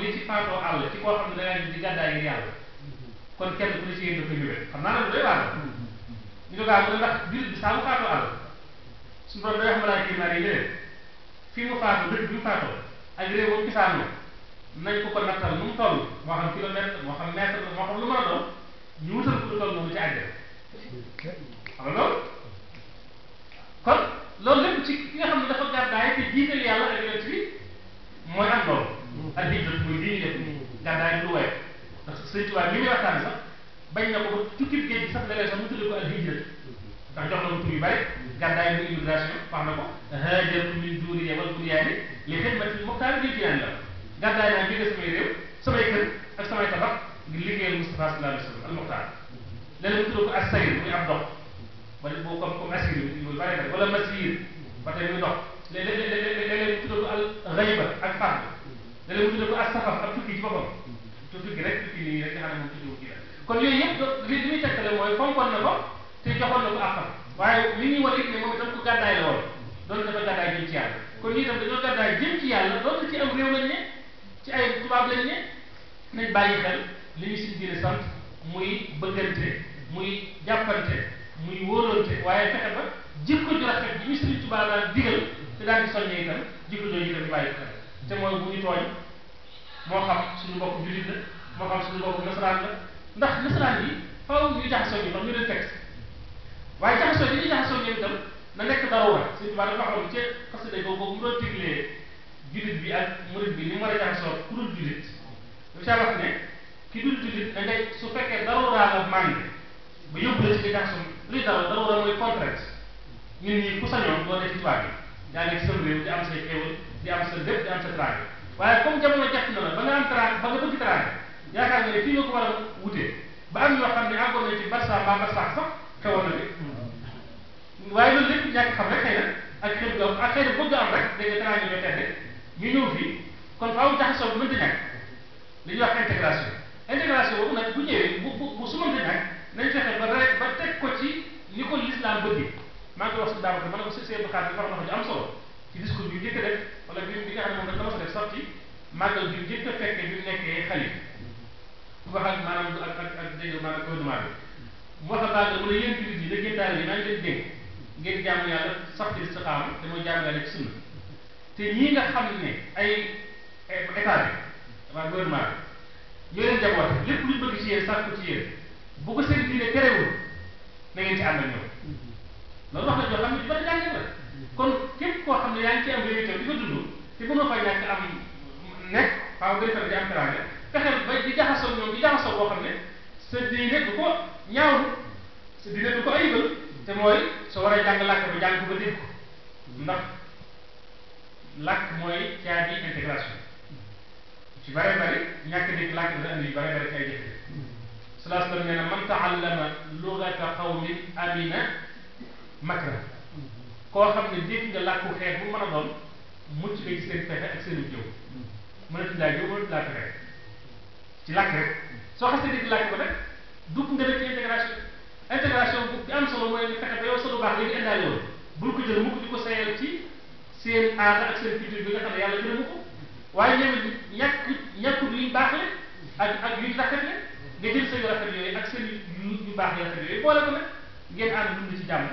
mooy li ci faatoo àll ci koo xam ne dangaa gis di gàddaay ngir yàlla kon kenn ku ne ci yéen dafa ñëwee xam naa nag doy waar ñu ne gaa mu ne ndax jullit bi saa mu faatoo àll suñu borom day wax malaaka yi naar yi ne fii mu faatu dëkk bi mu faatoo ak réew moom gisaanoo nañ ko ko nattal nu mu toll moo xam kilomètre moo xam mètre moo xam lu mën a doon ñu wutal ko lu toll noonu ci àjjana xam nga loolu kon loolu lépp ci ki nga xam ne dafa gàddaay te jiital yàlla ak yonent bi mooy am doom andi jot muy lii def nii gànnaay lu weer ndax sëñ Tuubaa li muy waxtaan sax bañ na ko ba tukki géej gi sax léeg-léeg sax mu tuddee ko alhijra ndax jox na ko tur yu bari gànnaay muy immigration wax na ko hajartu min duuni ya wal bunyaani li xidmati muxtaar bi jiyaan la gànnaay naa jóge samay réew samay kër ak samay tabax ngir liggéeyal Moustapha sallallahu alayhi wa sallam al muxtaar léeg-léeg mu tuddee ko assayir muy ab dox wala boo comme comme assir yu bari wala masir ba tey muy dox léeg-léeg léeg-léeg léeg-léeg mu tuddee ko al ghayba ak fard da leen tuddee ko ak safar ak tukki ci boppam te tukki rek tukki nii rek nga xam ne moom tuddu kii la kon yooyu yëpp li li muy tegtale mooy fonkoon na ko te joxoon na ko àqam waaye li ñuy wax it ne moom itam ku gàddaay la woon doon dafa gàddaay jëm ci yàlla kon ñii itam dañoo gàddaay jëm ci ci am réew lañ ne ci ay tubaab lañ ne li ñu si diine sant muy bëggante muy jàppante muy wóolante waaye fexe ba jikko ju rafet ji ñu Sëriñ Tuubaa daan digal te daan di soññee itam jikko jooju itam te mooy bu ñu tooñ moo xam suñu mbokk jullit la moo xam suñu mbokk nasaraan la ndax nasaraan yi faaw ñu jaxasoo ñu ndax ñu leen teg waaye yi ñu jaxasoo ñoom itam na nekk darura Sëñ Tuubaa dafa xam ci xasida day boobu mu doon bi ak murid bi ni mu war a jaxasoo ku dul jullit incha ne ki dul jullit da su fekkee darura la manqué ba yóbbu la ci di jaxasoo luy dara darura mooy contrainte ñun ñii ku sañoon doo def ci tubaab yi yaa ngi sëm réew am say xéewal di am sa lépp di am sa teraanga waaye comme jamono jax na la ba nga am teraanga ba nga bëgg teraanga yaakaar ko war a wutee ba am yoo xam ne encore na ci barsa mbaa barsa sax xewoon na de waaye loolu lépp ñàkk xam rek xëy na ak xëy na ak xëy na am rek da nga teraanga ñooy texe ñu ñëw fii kon faaw jaxasoo bu mënta ñàkk li ñuy wax intégration intégration boobu nag bu ñëwee bu bu bu su mënta ñàkk nañ fexe ba rek ba teg ko ci ni ko l'islam bëgg maa ngi wax si daawaka ma am solo ci discours bi njëkk a def wala bi bi nga ne a bi njëkk a fekkee bi mu nekkee xale bu wax ak maanaam ak ak ak dégg maanaam gouvernement bi mu ne yéen jullit ñi da ngeen daal yi maa ngi leen dénk ngeen jàmm yàlla sax ci te mooy jàmm yàlla ci sunna te ñii nga xam ne ay état bi waa gouvernement bi ñoo leen jaboote lépp luñ bëgg ci yéen sàkku ci yéen bu ko seen diine terewul na ngeen ci ànd ak ñoom loolu wax na xam ne ñu bari jàngee la kon képp koo xam ne yaa ngi di ko dund te mënoo fay ñàkk am nekk waaw day faral di am teraanga fexeel ba di jaxasoo ñoom di jaxasoo boo xam ne sa diine du ko ñaawlu sa diine du ko ayibal te mooy soo waree jàng làkk ba dégg ko ndax làkk mooy caabi intégration ci bare bare ñàkk dégg làkk dana andi bare bare ci ay jafe-jafe sallallahu alayhi wa sallam nee na man taallama lugata qawmin amina koo xam ne dégg nga làkku xeet bu mën a doon mucc nga ci seen pexe ak seen jëw mm. mënatu laa jëw mënatu laa pexe ci làkk rek soo xasee dégg làkk ko nag dugg nga def intégration intégration bu bi am solo mooy nga fexe ba yow sa lu baax li nga indaale woon bul ko jël mukk di ko sayal ci seen aada ak seen culture bi nga xam ne yàlla gën a ko waaye ñoom it ñàkk ñàkkut yuy baax la ak ak yuy rafet la nga jël sa yu rafet yooyu ak seen yu yu baax yu rafet yooyu boole ko nag ngeen ànd dund ci jàmm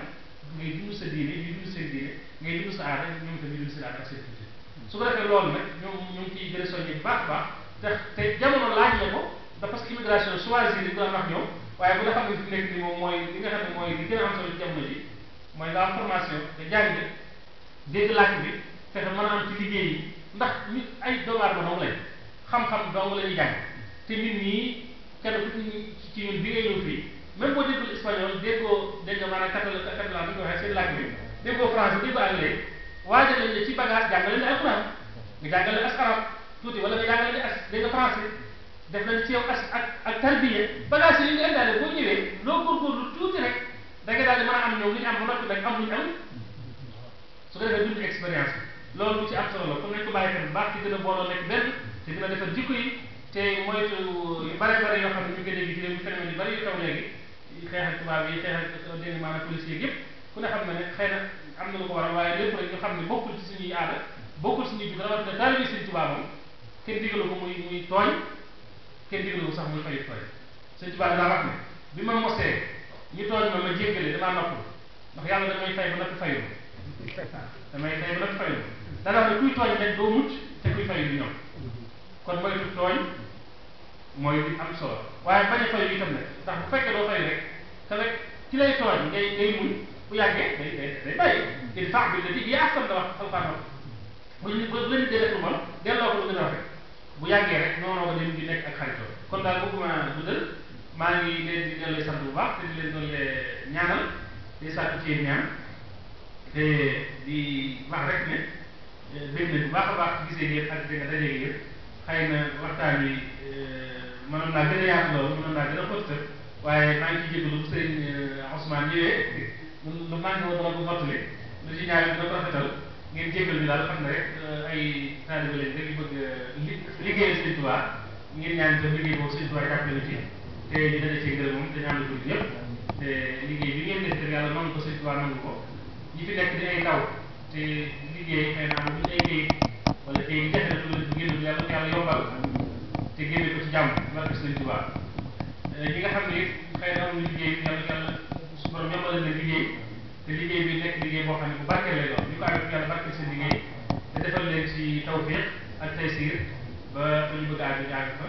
ngay dund sa diine di dund seen diine ngay dund sa aada ñoom itam di dund seen aada ak seen culture su ko defee loolu nag ñoom ñu ngi ciy gën a soññi bu baax baax te te jamono laaj la ko da parce que immigration choisir li ko daan wax ñoom waaye bu nga xam ne fi nekk ni moom mooy li nga xam ne mooy li gën a am solo ci jamono ji mooy la formation te jàng dégg làkk bi fexe mën a am ci liggéey yi ndax nit ay doomu aadama dong lañ xam-xam dong la ñuy jàng te nit ñi kenn ku ci ñun bi ngay ñëw fii même boo déggul espagnol déggoo dégg nga maanaam catalan catalan bi ñu waxee seen laaj bi déggoo français déggoo anglais waajal nañ la ci bagage jàngale la alquran nga jàngale as arab tuuti wala nga jàngale as dégg nga français def nañ ci yow as ak ak tarbiya bagage yi ñu indaale boo ñëwee loo góorgóorlu tuuti rek da nga daal di mën am ñoom li ñu am ba noppi dañ am lu ñu am su ko defee dund expérience bi loolu ci am solo la comme nañ ko bàyyi xel baax ci gën a booloo nekk benn te dina te moytu yu bare bare xam ne ñu xeexal tubaab yi xeexal dégg maanaam police yeeg yëpp ku ne xam na ne xëy na am na lu ko waral waaye lépp rek ñu xam ne bokkul ci suñuy aada bokkul suñuy jug rawatina taalibe sëñ Tuubaa moom kenn digalu ko muy muy tooñ kenn digalu ko sax muy fay tooñ sëñ Tuubaa daa wax ne bi ma mosee ñu tooñ ma ma jéggale damaa noppal ndax yàlla damay fay ba noppi fayu damay fay ba noppi fayu danaa ne kuy tooñ rek doo mucc te kuy fayu du ñoom kon mooy du tooñ mooy di am solo waaye bañ a fay itam nag ndax bu fekkee doo fay rek te rek ci lay tooñ ngay ngay muñ bu yàggee day day day bàyyi il fax la di yaa askan la wax alxames bu ñu bu la lu bon delloo ko lu gën bu yàggee rek noonu dem di nekk ak xaritoo kon daal bëgguma guddal maa ngi leen di delloo bu baax te di leen doon ñaanal di sàkku ci ñaan te di wax rek ne eh, bëgg na bu baax a baax gisee yëpp ak dégg nga daje na waxtaan wi. Eh, mënoon naa gën a yaatu loolu mënoon naa gën a xóotal waaye maa ngi ciy jégalu sëñ euh, Ousmane ñëwee mu manqué woon dara bu mottali lu ci ñaari dina ko rafetal ngeen jégal bi daal xam ne rek euh, ay taalibe lañ dañu bëgg euh, li liggéeyal Sëñ Tuubaa ngeen ñaan itam liggéey boobu Sëñ Tuubaa jàppale ci te ñu daje ci ngërëm moom dañu am lu ñëpp te liggéey bi ngeen def yàlla nangu ko Sëñ Tuubaa nangu ko ñi fi nekk di te liggéey xëy na am ay wala tey ñu jafe-jafe ngeen yàlla yàlla yombal te génne ko ci jàmm barke Sëriñ Tuubaa ñi eh, nga xam ne it xëy na amuñu liggéey yàlla yàlla su borom yombalal na liggéey te liggéey bi nekk liggéey boo xam ne bu barke lay doon ñu ko amee yàlla barke seen liggéey te defal leen ci tawfiq ak taysiir ba ba ñu bëgg a àgg àgg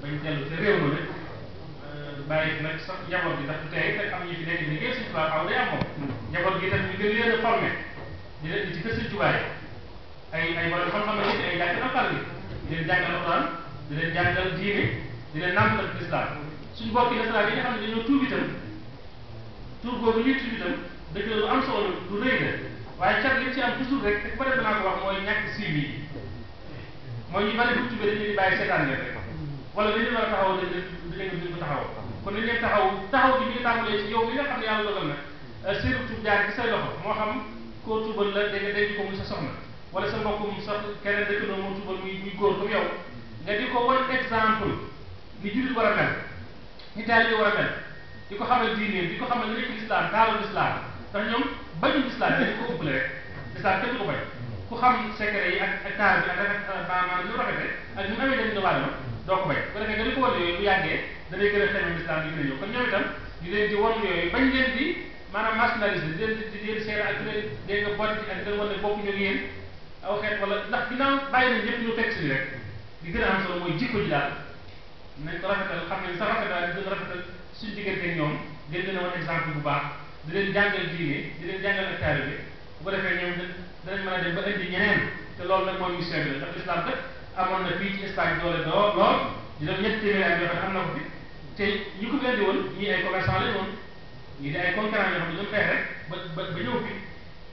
ba ñu te nag eh, bàyyi nag bi ndax tey nag am ñu fi nekk liggéey Sëriñ aw day am moom gi tam ñu gën leen a formé di leen di ci kër Sëriñ Tuubaa ay ay borom xam-xam ay jaay di leen jàngal diine di leen nàmpal lislaam suñu bokki nasaraan yi nga xam ne dañoo tuub itam tuub boobu ñuy tuub itam dëgg am solo lu rëy la waaye cat li am toujours rek te peut-être danaa ko wax mooy ñàkk suivi yi mooy ñu bari bu tuubee dañu leen di bàyyi seetaan leen rek wala dañu war a taxaw dañu leen dañu leen taxaw kon dañu leen taxaw taxaw bi ñu ngi yow li nga xam ne yàlla dogal na euh, seenu tuub jaar ci moo xam koo tuubal la da nga ko muy sa soxna wala sa mbokk mu sa keneen dëkk noonu moo tuubal muy te di ko wan exemple ni jullit war a mel ni taalibe war a mel di ko xamal diine di ko xam ne nekk lislaam taaru lislaam ndax ñoom bañu lislaam dañu ko ëppale rek lislaam kenn du ko bañ ku xam secret yi ñu amee dañ dowaale ma doo ko bañ bu di ko a xamee lislaam bi a ñëw bañ leen maanaam nationalisme di leen di leen seere ak leen dégg nga botti ak leen wan ne bokkuñu ak yéen bàyyi nañ ñëpp ñu teg si rek li gën a am ji daal nañ ko rafetal xam ne sa rafetal di gën a rafetal suñu digganteeg ñoom dañ leen a wan exemple bu baax di leen jàngal diine di leen jàngal ak taalibe bu ko defee ñoom danañ mën a dem ba indi te loolu nag mooy mission bi la a islam kat amoon na fii ci Espagne doole doo lool di doon ñett téeméeri ak yoo xam ne am na ko te ñu ko gën di woon ñii ay commerçant lañ woon ñii di ay concurrent yoo xam ne dañoo fexe rek ba ba ba ñëw fi ñu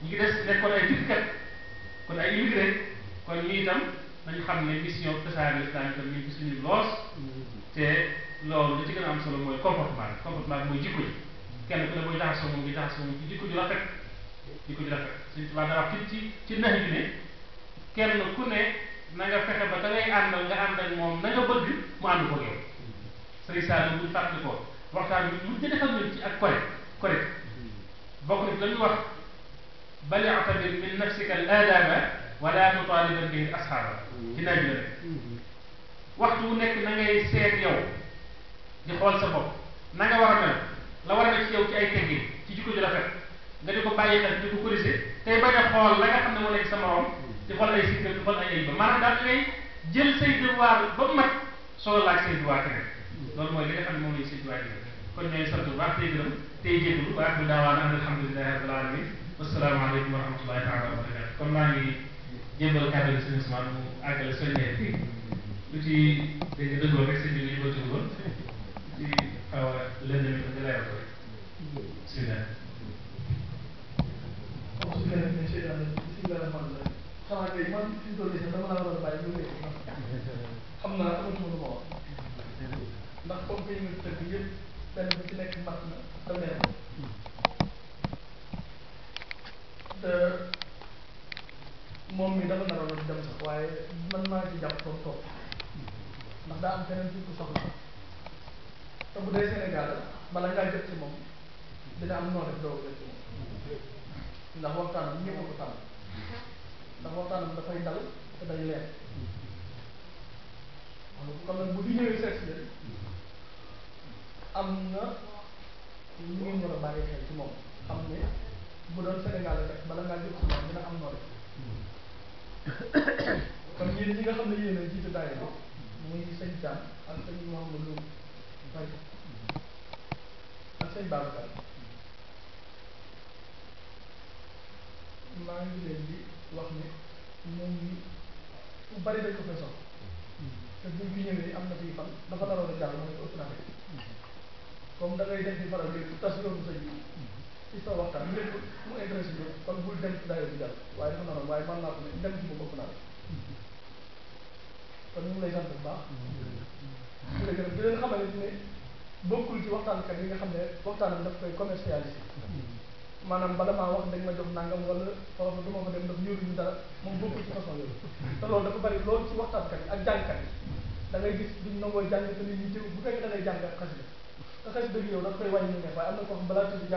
ngi des nekkoon ay tukkikat kon ay immigré kon nañ xam ne mission tasaare islam itam ñu ngi suñu loos te loolu li ci gën am solo mooy comportement bi comportement bi mooy jikko ji kenn ku ne mooy jaxasoo moom bi jaxasoo moom ci jikko ju rafet jikko ju rafet suñu tubaab dara wax ci ci ci nax bi ne kenn ku ne na nga fexe ba da ngay àndal nga ànd ak moom na nga bëgg mu ànd ko yow sëriñ Saalum bu ñu fàttali ko waxtaan bi mu ci ak correct correct bokk la ñu wax bali atabir min nafsika al aadama wala tutaaliban bihi asxaaba ci naaj la waxtu nekk na ngay seet yow di xool sa bopp na nga war a mel la war a mel ci yow ci ay teggin ci jikko ju rafet di ko bàyyi xel di ko corriger tey bañ a xool la nga xam nekk sa morom di xool ay sikka di xool ay ayib maanaam daal ngay jël say devoir ba mu mat soo laaj say devoir ne moom lañ say devoir keneen kon ñooy sant bu baax tey gërëm tey jégalu wa aaxiru da'waanaa alhamdulillahi rabbil aalamiin wassalaamu aleykum wa jébbal kàddu gi suñu Ousmane mu àggale soññee bi lu ci dañu dëggoo rek sëñ bi li ñu ko tudd woon ci xaw a lënd mi ñu layal ko rek bismillah wax su keneen ne seytaane si la man la xanaa kay man fi ñu toll dama laa war a bàyyi lu léegi xam naa amatuma lu ma wax ndax comme que ñu ngi tëgg yëpp benn bu ci nekk mat na te neex maanaam bala maa dañ ma jox nangam wala foofu du ma fa dem ndax ñëwuñu dara moom bokkul ci façon yooyu te loolu dafa bari loolu ci ak jàngkat yi da ngay nangoo jàng te nit ñi ci bu fekkee da ngay jàng ak xasida te yow da koy wàññi ne na koo xam balaa tudd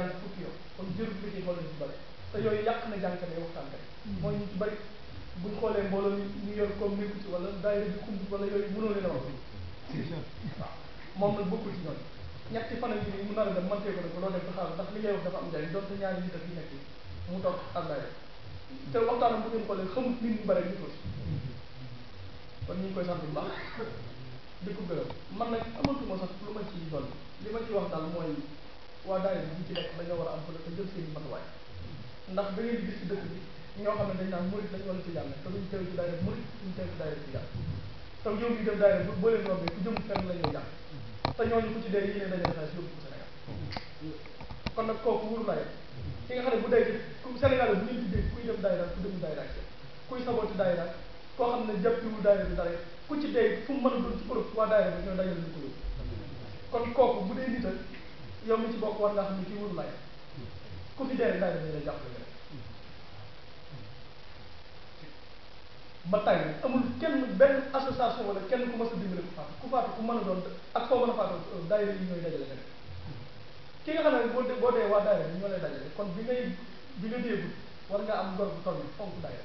yow kon jërul bi ci xoolal ci bari te yooyu yàq na jàngkat yi waxtaankat yi mooy ñu ci xoolee mbooloo ni ñu yor comme wala daayira bi xumb wala yooyu mënoo leen a wax moom nag bokkul ci ñoom ñetti fan a ngi mu nar a dem man téye ko ne ko doo dem te xaaral ndax li ngay wax dafa am njariñ donte ñaari nit a fi nekk mu toog àndaale te waxtaanam bu ngeen xoolee xamut nit ñu bare ñu tuuti kon ñu ngi koy sant bu baax di ko gërëm man nag amatuma sax lu ma ciy dolli li ma ciy wax daal mooy waa daayira bi ñu ci nekk dañoo war a am ko te jël seen i matuwaay ndax da ngeen di gis ci dëkk bi ñoo xam ne dañ naan murit lañ wala ci yàlla te duñ teew ci daayira murit duñ teew ci daayira ci yàlla te yow mi dem daayira bu boo leen rombee ku jëm fenn la te ñooñu ku ci dee yéen a dajale xaalis yóbbu ko Sénégal kon nag kooku wóor naa yem ki nga xam ne bu day comme Sénégal bu ñu tuddee kuy dem daayira ku dem daayira kuy sabooti daayira koo xam ne jàppiwu daayira bi dara ku ci dee fu mu mën a doon ci Europe waa daayira bi ñoo dajale ñu ko yóbbu kon kooku bu dee nital yow mi ci bokk war nga xam ne kii wóor naa yem ku fi dee daayira bi la jàppale ba tàyyi amul kenn benn association wala kenn ku mës a dimbali ku faatu ku faatu ku mën a doon ak foo mën a faatu daayira yi ñooy dajale rek ki nga xam ne boo dee boo dee waa daayira ñoo lay dajale kon bi ngay bi nga déegul war nga am gor bu toll nii fonk daayira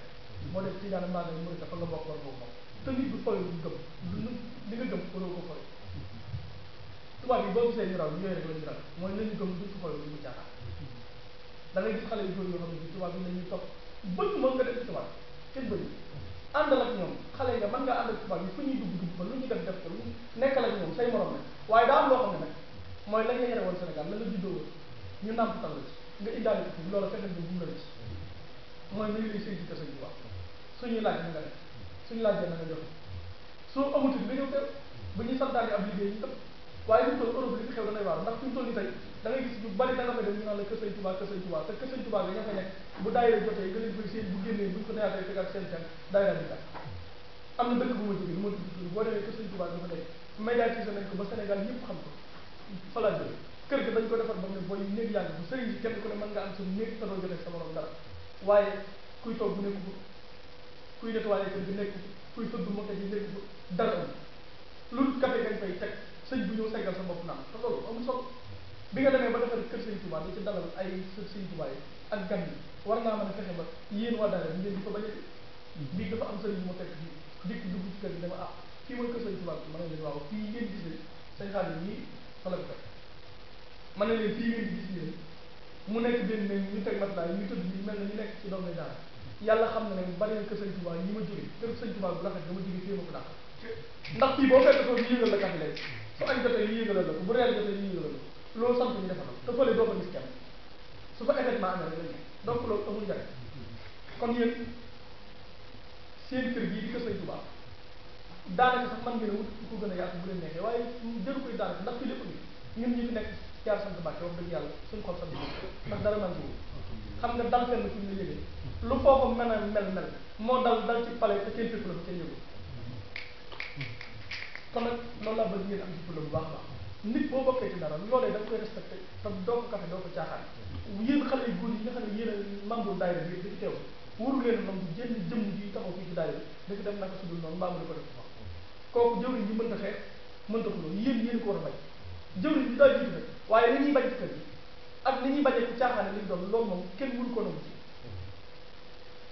moo def ci daal maa ngi mën a fa nga bokk war boobu moom te nit du foy du gëm lu li nga gëm wala ko foy tubaab yi boo gisee ñu raw yooyu rek la ñu raw mooy nañu gëm duñ ko foy duñ ko caaxaan da ngay gis xale yu góor yoo xam ne tubaab yi nañuy topp bëgg moom nga def ci tubaab kenn bëgg àndal ak ñoom xale nga mën ngaa ànd ak tubaab yi fu ñuy dugg dugg fa lu ñu def def ko lu nekkal ak ñoom say morom nag waaye daa am loo xam ne nag mooy la nga yore woon Sénégal la di juddoo ñu nàmpatal la ci nga indaale ko ci loolu fexe nga dundal ci mooy nuyu lay sëy ci kese bu baax suñuy laaj na nga def suñu laajee na nga joxe soo amatul nga ñëw kër ba ñuy santaane ab liggéey ñu tëb waaye ñu toll Europe li fi xew danay waar ndax fi ñu toll nii tey da ngay gis ñu bari da nga fay dem fa nekk bu daayira jotee que lañ koy seen bu génnee buñ ko neexee fekk ak seen jàng daayira bi tax am na dëkk bu ma jógee du ma tudd tur boo demee ko sëñ Tuubaa dafa nekk médiatisé nañ ko ba Sénégal ñëpp xam ko fa laa jógee kër ga dañ ko defar ba mu ne booy néeg yàgg bu sëriñ si kenn ku ne mën nga am sa néeg te doo jotee sa morom dara waaye kuy toog bu nekk ko kuy nettoyé kër gi nekk ko kuy tëdd mokka ji nekk ko dara lu café gañ fay teg sëñ bu ñëw seggal sa bopp naan te loolu amul solo bi nga demee ba defar kër sëñ Tuubaa da ci dalal ay sëñ Tuubaa yi ak gan yi war naa mën fexe ba yéen waa daara ngeen di ko bañ a def dafa am sëriñ bu ma fekk fii dikk dugg ci kër gi dama ah fii mooy kër sëriñ Tuubaa bi ma ne leen waaw fii ngeen gis leen sëñ Xaadim nii fa la ma ne leen fii ngeen mu nekk benn ne ñu teg matelas yi ñu tëdd ñu mel ne nekk ci doom lay daara yàlla xam na ne baneen kër sëñ Tuubaa ñu ma jógee kër sëñ Tuubaa bu rafet dama jógee fii ma ko dàq ndax boo fekk ko ñu yëngal la su añ jotee ñu yëngal la ko bu reer jotee ñu yëngal la doo ko su fa événement donc loolu amul njëriñ kon yéen seen kër gii di kër Sëñ Tuubaa daanaka sax man ngeen a wut ko gën a yaatu bu leen nekkee waaye jëru koy daanaka lépp ngi ñun ñi fi nekk jaar sant Mbàkke wax dëgg yàlla suñu xol sax ndax dara man boobu xam nga dal fenn suñu la yëgee lu foofu mel a mel mel pale te kenn fépp la bu kenn kon nag loolu laa bëgg ngeen am ci bu baax a baax nit boo bokkee dara loolee da nga koy respecté te doo ko kafe yéen xale yu góor yi nga xam ne yéen a membre daayira bi di fi teew waru leen a nangu jenn jëmm ji taxaw fii ci daayira dafa dem naka su dul noonu mbaa mu di ko def kooku jëwriñ ji mën ta xeex mën ta xuloo yéen yéen ko war a bañ jëwriñ ji daa jiitu nag waaye li ñuy bañ ci kër yi ak li ñuy bañee ci caaxaane liñ doon loolu moom kenn mënu ko nangu ci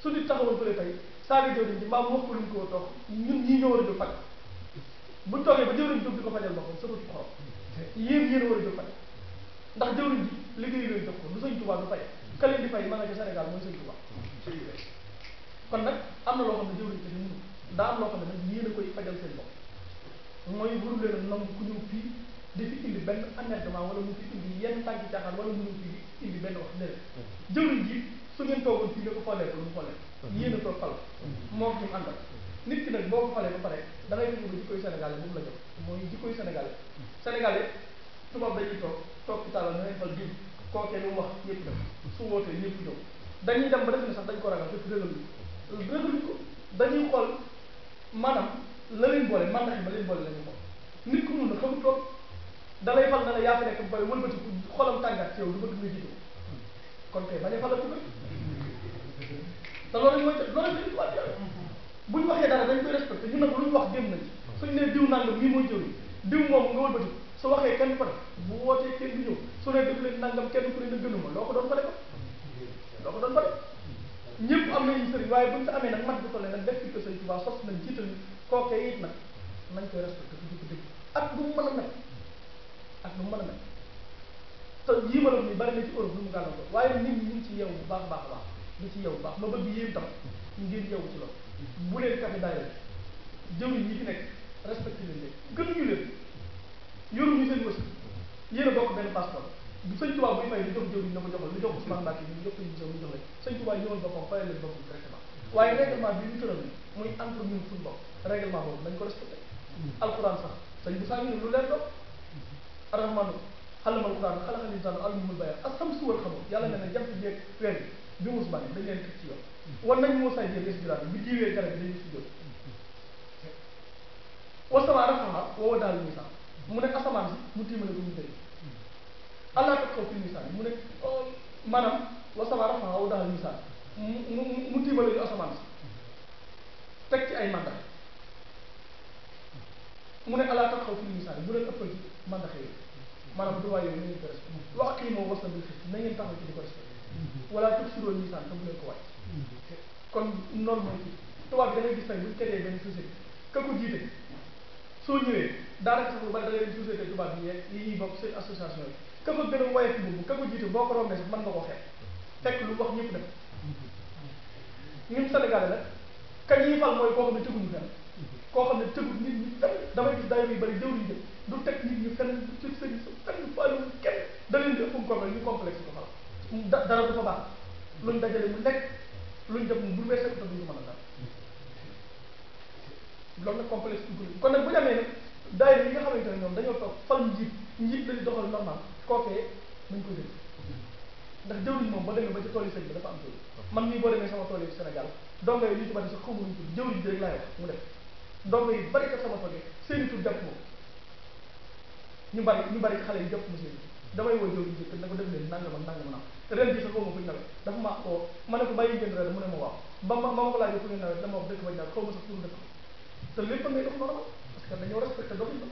su nit taxawoon fële tey saaga jëwriñ ji mbaa mu wax ko luñ ko toog ñun ñii ñoo war a jóg faj bu toogee ba jëwriñ jóg di ko fajal boppam sa ko ci xorom yéen yéen war a jóg faj ndax jawriñ ji liggéey leen jox ko du sëñ Tuubaa du fay ka leen di fay ma nga ca Sénégal mooy sëñ Tuubaa kon nag am na loo xam ne jawriñ ji mënu daa am loo xam ne nag yéen a koy fajal seen bopp mooy waru leen a nangu ku ñëw fii di fi indi benn amendement wala mu fi indi yenn tànki caaxaan wala mu ñëw fii indi benn wax dëgg jawriñ ji su ngeen toogoon fii nga ko xoolee ko lu mu xoolee yéen a toog fal moo ñu àndal nit ki nag boo ko falee ba pare da ngay dugg jikkoy Sénégal moom la jox mooy jikkoy Sénégal Sénégal tubaab dañuy toog toog ci taalal danañ fa jiw kookee lu mu wax ñëpp def su wootee ñëpp dañuy dem ba def ni sax dañ ko ragal def rëgaluñ rëgaluñ ko dañuy xool maanaam la leen boole man daxi ma leen boole la ñu xool nit ku mun na xamul toog dalay fal dala yaa fi nekk ba pare wëlbati xolam tàngaat ci yow du bëgg nga jiitu kon kay bañ a fal ak dugal te loolu mooy loolu mooy li waat yàlla bu ñu waxee dara dañ koy respecté ñu nag lu ñu wax jëm nañ suñ nee diw nangam nii mooy jëw diw moom nga su waxee kenn fa bu wootee kenn du ñëw su ne def leen nangam kenn ku ne na gënuma loo ko doon fa defal loo ko doon fa def ñëpp am nañu sëriñ waaye buñu sa amee nag mat bu toll nag def ci ko sëriñ Tuubaa sos nañ jiital kookee it nag nañ koy respecté bu dëgg dëgg ak lu mu mën a mel ak mu mën a mel te yii ma la ñu bari na ci Europe lu mu gàllankoor waaye nit ni ñu ci yeewu bu baax a baax a baax li ci yeewu baax ma bëgg yéen tam ngeen yeewu ci loolu bu leen kafe daayoo jëwriñ ñi fi nekk respecté leen leen gënuñu leen yoruñu seen wërsëg yéen a bokk benn passeport bu sëñ Tuubaa buy may di jox jëw ñu na ko joxal lu jox Ousmane Mbacke ñu jox ko ñu jox ñu jox la sëñ Tuubaa ñëwal boppam fayal leen boppam directement waaye règlement bi ñu tëral ni muy entre ñun suñu bopp règlement boobu nañ ko respecté alquran sax sëñ bu saa ñu lu leen dox arrahmanu xalamal alquran xalaxal insaana allamahul bayaan as-samsu wal qamar yàlla ne na jant jeeg weer bi bi musbani dañ leen teg ci yoon wan nañ Moussa jeeg isbiraan bi diwee garab bi dañuy si jóg wasama rafaha wa wadaal misaaq mu nekk asamaan si mu tiimale ba mu dëgg hmm. allah teg xaw fil misaan mu nekk oh, maanaam wa sama rafaha wa daal misaan mu mu mu tiimale ñu asamaan si teg ci ay mandax mu ne allah teg xaw fil misaan mu leen ëppal ci mandax yooyu maanaam droit yooyu na ngeen ko respecté wax kii moom wasa bil xëy na ngeen taxaw ci di ko respecté hmm. wala teg suroo misaan te bu leen ko wàcc hmm. kon noonu mooy ci tubaab bi da ngay gis nag buñ tegee benn société ka ko jiite soo ñëwee daanaka sax lu bari da ngay dem ci société tubaab yi yeeg yi association yi ka ko gën a woyof boobu ka ko jiite boo ko rombee sax mën nga ko xeeb fekk lu wax ñëpp def ñun Sénégal nag kañ yi fal mooy koo xam ne tëguñu fenn koo xam ne tëgul nit ñi fenn damay gis dayo yi bari jëw ñu du teg nit ñi fenn ci sëriñ sa fenn faalewul kenn da leen di ko ñu complexe ko fal dara du fa baax luñ dajale mu nekk luñ def mu bu weesee ko duñu mën loolu nag complexe dugg nañu kon nag bu ñu amee nag daayira yi nga xamante ne ñoom dañoo toog fal njiit njiit lañu doxal normal kookee nañ ko dégg ndax jëwriñ moom boo demee ba ci tool yi sëñ bi dafa am tool man mii boo demee sama tool yi Sénégal dongo yi ñu ci bari sax xamuñu ko jëwriñ bi rek laay wax mu def dongo yi bari ka sama tool yi seeni tur jàpp moom ñu bari ñu bari xale yi jàpp mu seeni damay woo jëwriñ bi na ko def leen nangam ak nangam naam ren bi sax moom fuñu nawet dafa ma oo ma ne ko bàyyi ngeen ren mu ne ma waaw ba ma ma ma ko laajee fu ngeen nawet dama wax dëkk ba ñaar xaw ma sax tur dëkk te lépp ngay dox normal parce que dañoo respecté doxuñ ko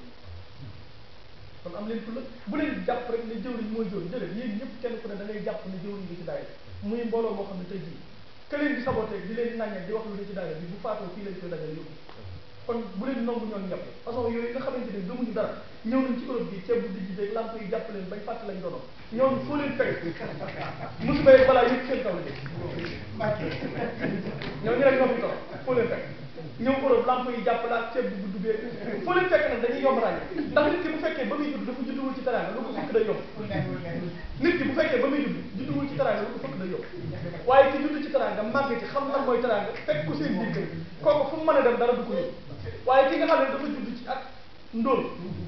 kon am leen fulla bu leen jàpp rek ne jëwriñ mooy jëwriñ déedéet yéen ñëpp kenn ku ne da ngay jàpp ne jëwriñ bi ci daayira muy mbooloo moo xam ne tey jii que leen di saboté di leen naññe di wax lu ne ci daayira bi bu faatoo fii lañ koy dajal yóbbu kon bu leen nangu ñoon ñëpp façon yooyu nga xamante ne gëmuñu dara ñëw nañ ci Europe bi ceeb bu dijji beeg lamp yi jàpp leen bañ fàtt lañ doono ñoom foo leen fekk musiba yi balaa yëpp seen kaw la jëg ñoo ñu rek ñoo fi toog foo leen fekk ñëw Europe lamp yi jàpp la ak ceeb bu gudd bee foo leen fekk nag dañuy yomb ràññee bu fekkee ba muy judd ci teraanga lu ko fëkk day yomb nit ki bu fekkee ba muy judd ci teraanga lu ko fëkk day yomb waaye ci teraanga ci xam lan mooy teraanga fekk ko mën a dem dara du ko yóbbu waaye ki nga xam ne dafa judd ci ak ndóol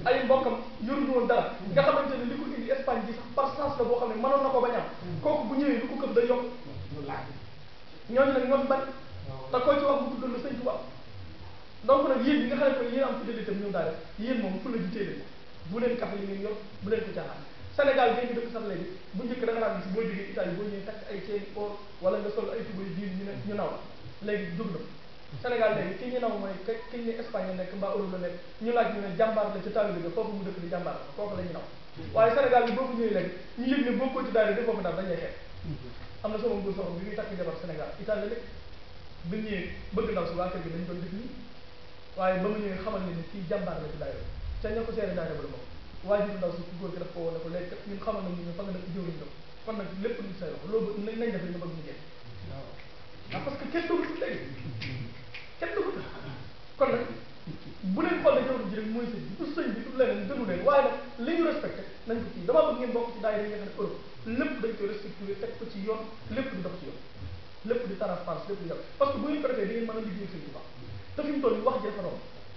ay mbokkam yoruñu woon dara nga xamante ne li ko indi Espagne bi sax par chance la boo xam ne mënoon na ko bañ am kooku bu ñëwee lu ko këpp day yomb ñooñu nag ñoom ban te koo ci wax donc nag yéen ñi nga xam ne yéen am fidélité am ñoom daal yéen moom fu la ji téye bu leen kafe yi ngeen yor bu leen ko caaxaan Sénégal génn dëkk sax léegi bu njëkk da nga daan gis boo jógee Italie boo ñëwee takk ay ceeb or wala nga sol ay tubay diir ñu ne ñu naw léegi dugg na Sénégal léegi ki ñu naw mooy ki ki ñu Espagne nekk mbaa Europe la nekk ñu laaj ñu ne jàmbaar la ci taalibe bi foofu mu dëkk di jàmbaar la foofu la ñu naw waaye Sénégal bi boo ko ñëwee léegi ñu yëg ne boo ko ci daal di foofu daal dañuy xeex am na sama mbir soxna bi ngi takk jabar Sénégal Italie la bi ñëwee bëgg ndaw si waa kër gi dañ doon def nii waaye ba mu ñëwee xamal ne ni kii jàmbaar la ci daayoo ca ña ko seere daayoo ba la bokk waajur ndaw si ku góor gi daf ko woon ne ko léegi kat ñun xamal nañ ne fa nga def jiw lañ def li nga bëgg ñu jeex waaw ah, parce que kenn dugg léegi kenn kon bu leen xool ne jaww ji rek mooy sëñ bi du sëñ bi du leneen gënu leen waaye nag li ñu respecté nañ ko kii damaa bëgg ngeen bokk ci daayira yi nga xam ne Europe lépp dañ koy respecté teg ko ci yoon lépp di dox ci yoon lépp di transparence lépp di dox parce que a te fi mu toll wax jafe na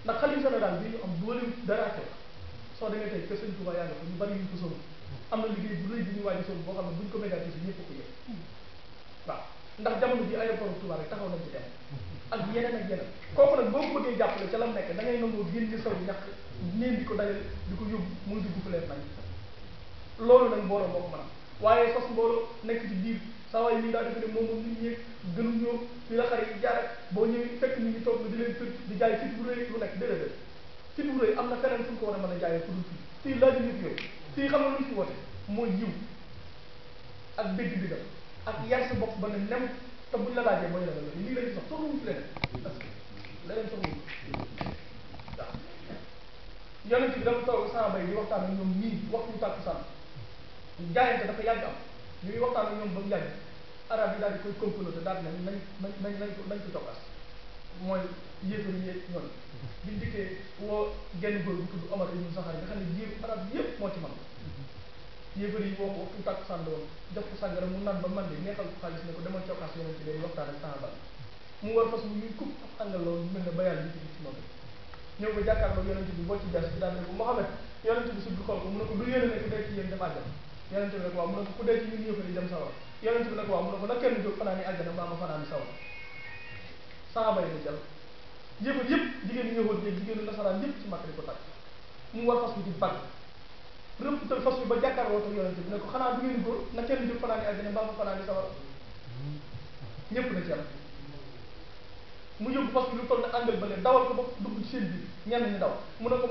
ndax xalifa général bi ñu am doole dara ci soo demee tey kër Sëñ Touba yàlla ko ñu bari ñu ko sonn am na liggéey bu rëy bi ñu waaj a sonn boo xam ne buñ ko médiatiser ñëpp ko yëg waaw ndax jamono bi aéroport Touba rek taxaw nañ ci dem ak yeneen ak yeneen kooku nag boo ko bëggee jàppale ca la mu nekk da ngay nangoo génne saw ñax neen di ko dajal di ko yóbbu mu dugg fu leen nañ loolu na mbooloo moo ko mën waaye sos mbooloo nekk di biir saa waay lii daa defe ne moom moom nit ñeeg gënu ñoo fii yi jaar boo ñëwee fekk nit ñi toog nga di leen di jaay fit bu rëy lu nekk déedéet fit bu rëy am na feneen fu ñu ko war a mën a jaayee fu dul fii fii laaj nit yooyu fii xam nga fi woote mooy yiw ak dégg bi dal ak yar sa bopp ba ne nem te buñ la laajee mooy la la lii lañ sax soxlawuñ ci leneen parce que leneen soxlawuñ waaw yonent bi dama toog saaba yi di waxtaan ak ñoom nii waxtu tàkkusaan jaayante dafa yàgg am ñu ngi waxtaan ak ñoom ba mu yàgg arab yi daal di koy te daal di nañ nañ nañ nañ ko nañ ko cokaas mooy yéefar yi yéeg ñoom bi ñu dikkee woo genn góor bu tudd Omar ibn Saxaar nga xam ne yéef arab yëpp moo ci man yéefar yi woo ko waxtu tàkk sànd woon jox ko rek mu naan ba man de neexal ko xaalis ne ko demal cokaas yeneen ci leen waxtaan ak sahaba mu war fas mu ñuy kub ak àndal àngaloo mel ne bayaan yi ci ci noonu ñëw ko jàkkaarloo yonente bi boo ci jas bi daal ne ko Mohamed yonente bi bi xool ko mu ne ko du yéen a nekk day ci yéen dem àjjana yonent bi nag waaw mu ko ku dee ci ñun yëfari dem sawar yonent bi nag waaw mu ko na kenn jóg fanaan àjjana mbaa ma fanaan sawar saaba yi jël yëfar yëpp jigéen ñi yëfar jéeg jigéenu nasaraan yëpp ci makk ko tàgg mu war fas bi nah, di bagg rëmputal fas bi ba jàkkaarloo ak yonent bi ne ko xanaa du ngeen góor na kenn jóg fanaan ma sawar ñëpp na jël mu fas lu na ba dawal ko ba dugg ci seen daw mu ne ko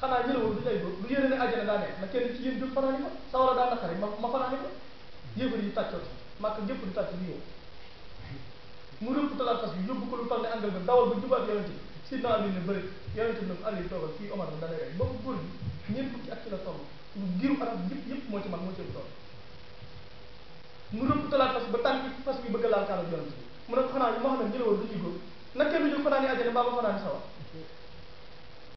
xanaa jëlawul du ay bu yéene ne àjjana daa nekk kenn ci yéen jóg fanaani ko sawara daa naqari ma ma fanaani ko yéefar yi tàccoo màkk gépp di tàcc bi mu rëpp talaat fas ko lu angal ba dawal ba jubaat si naa li ne bëri yonent bi Ali toogal fii Omar da lay rey boobu góor bi ñeent ci la lu giru arab yëpp yëpp moo ci man moo ci toll mu rëpp talaat fas ba tànk fas bi bëgg laal kaala yonent bi mu ne ko xanaa ma xam du sawara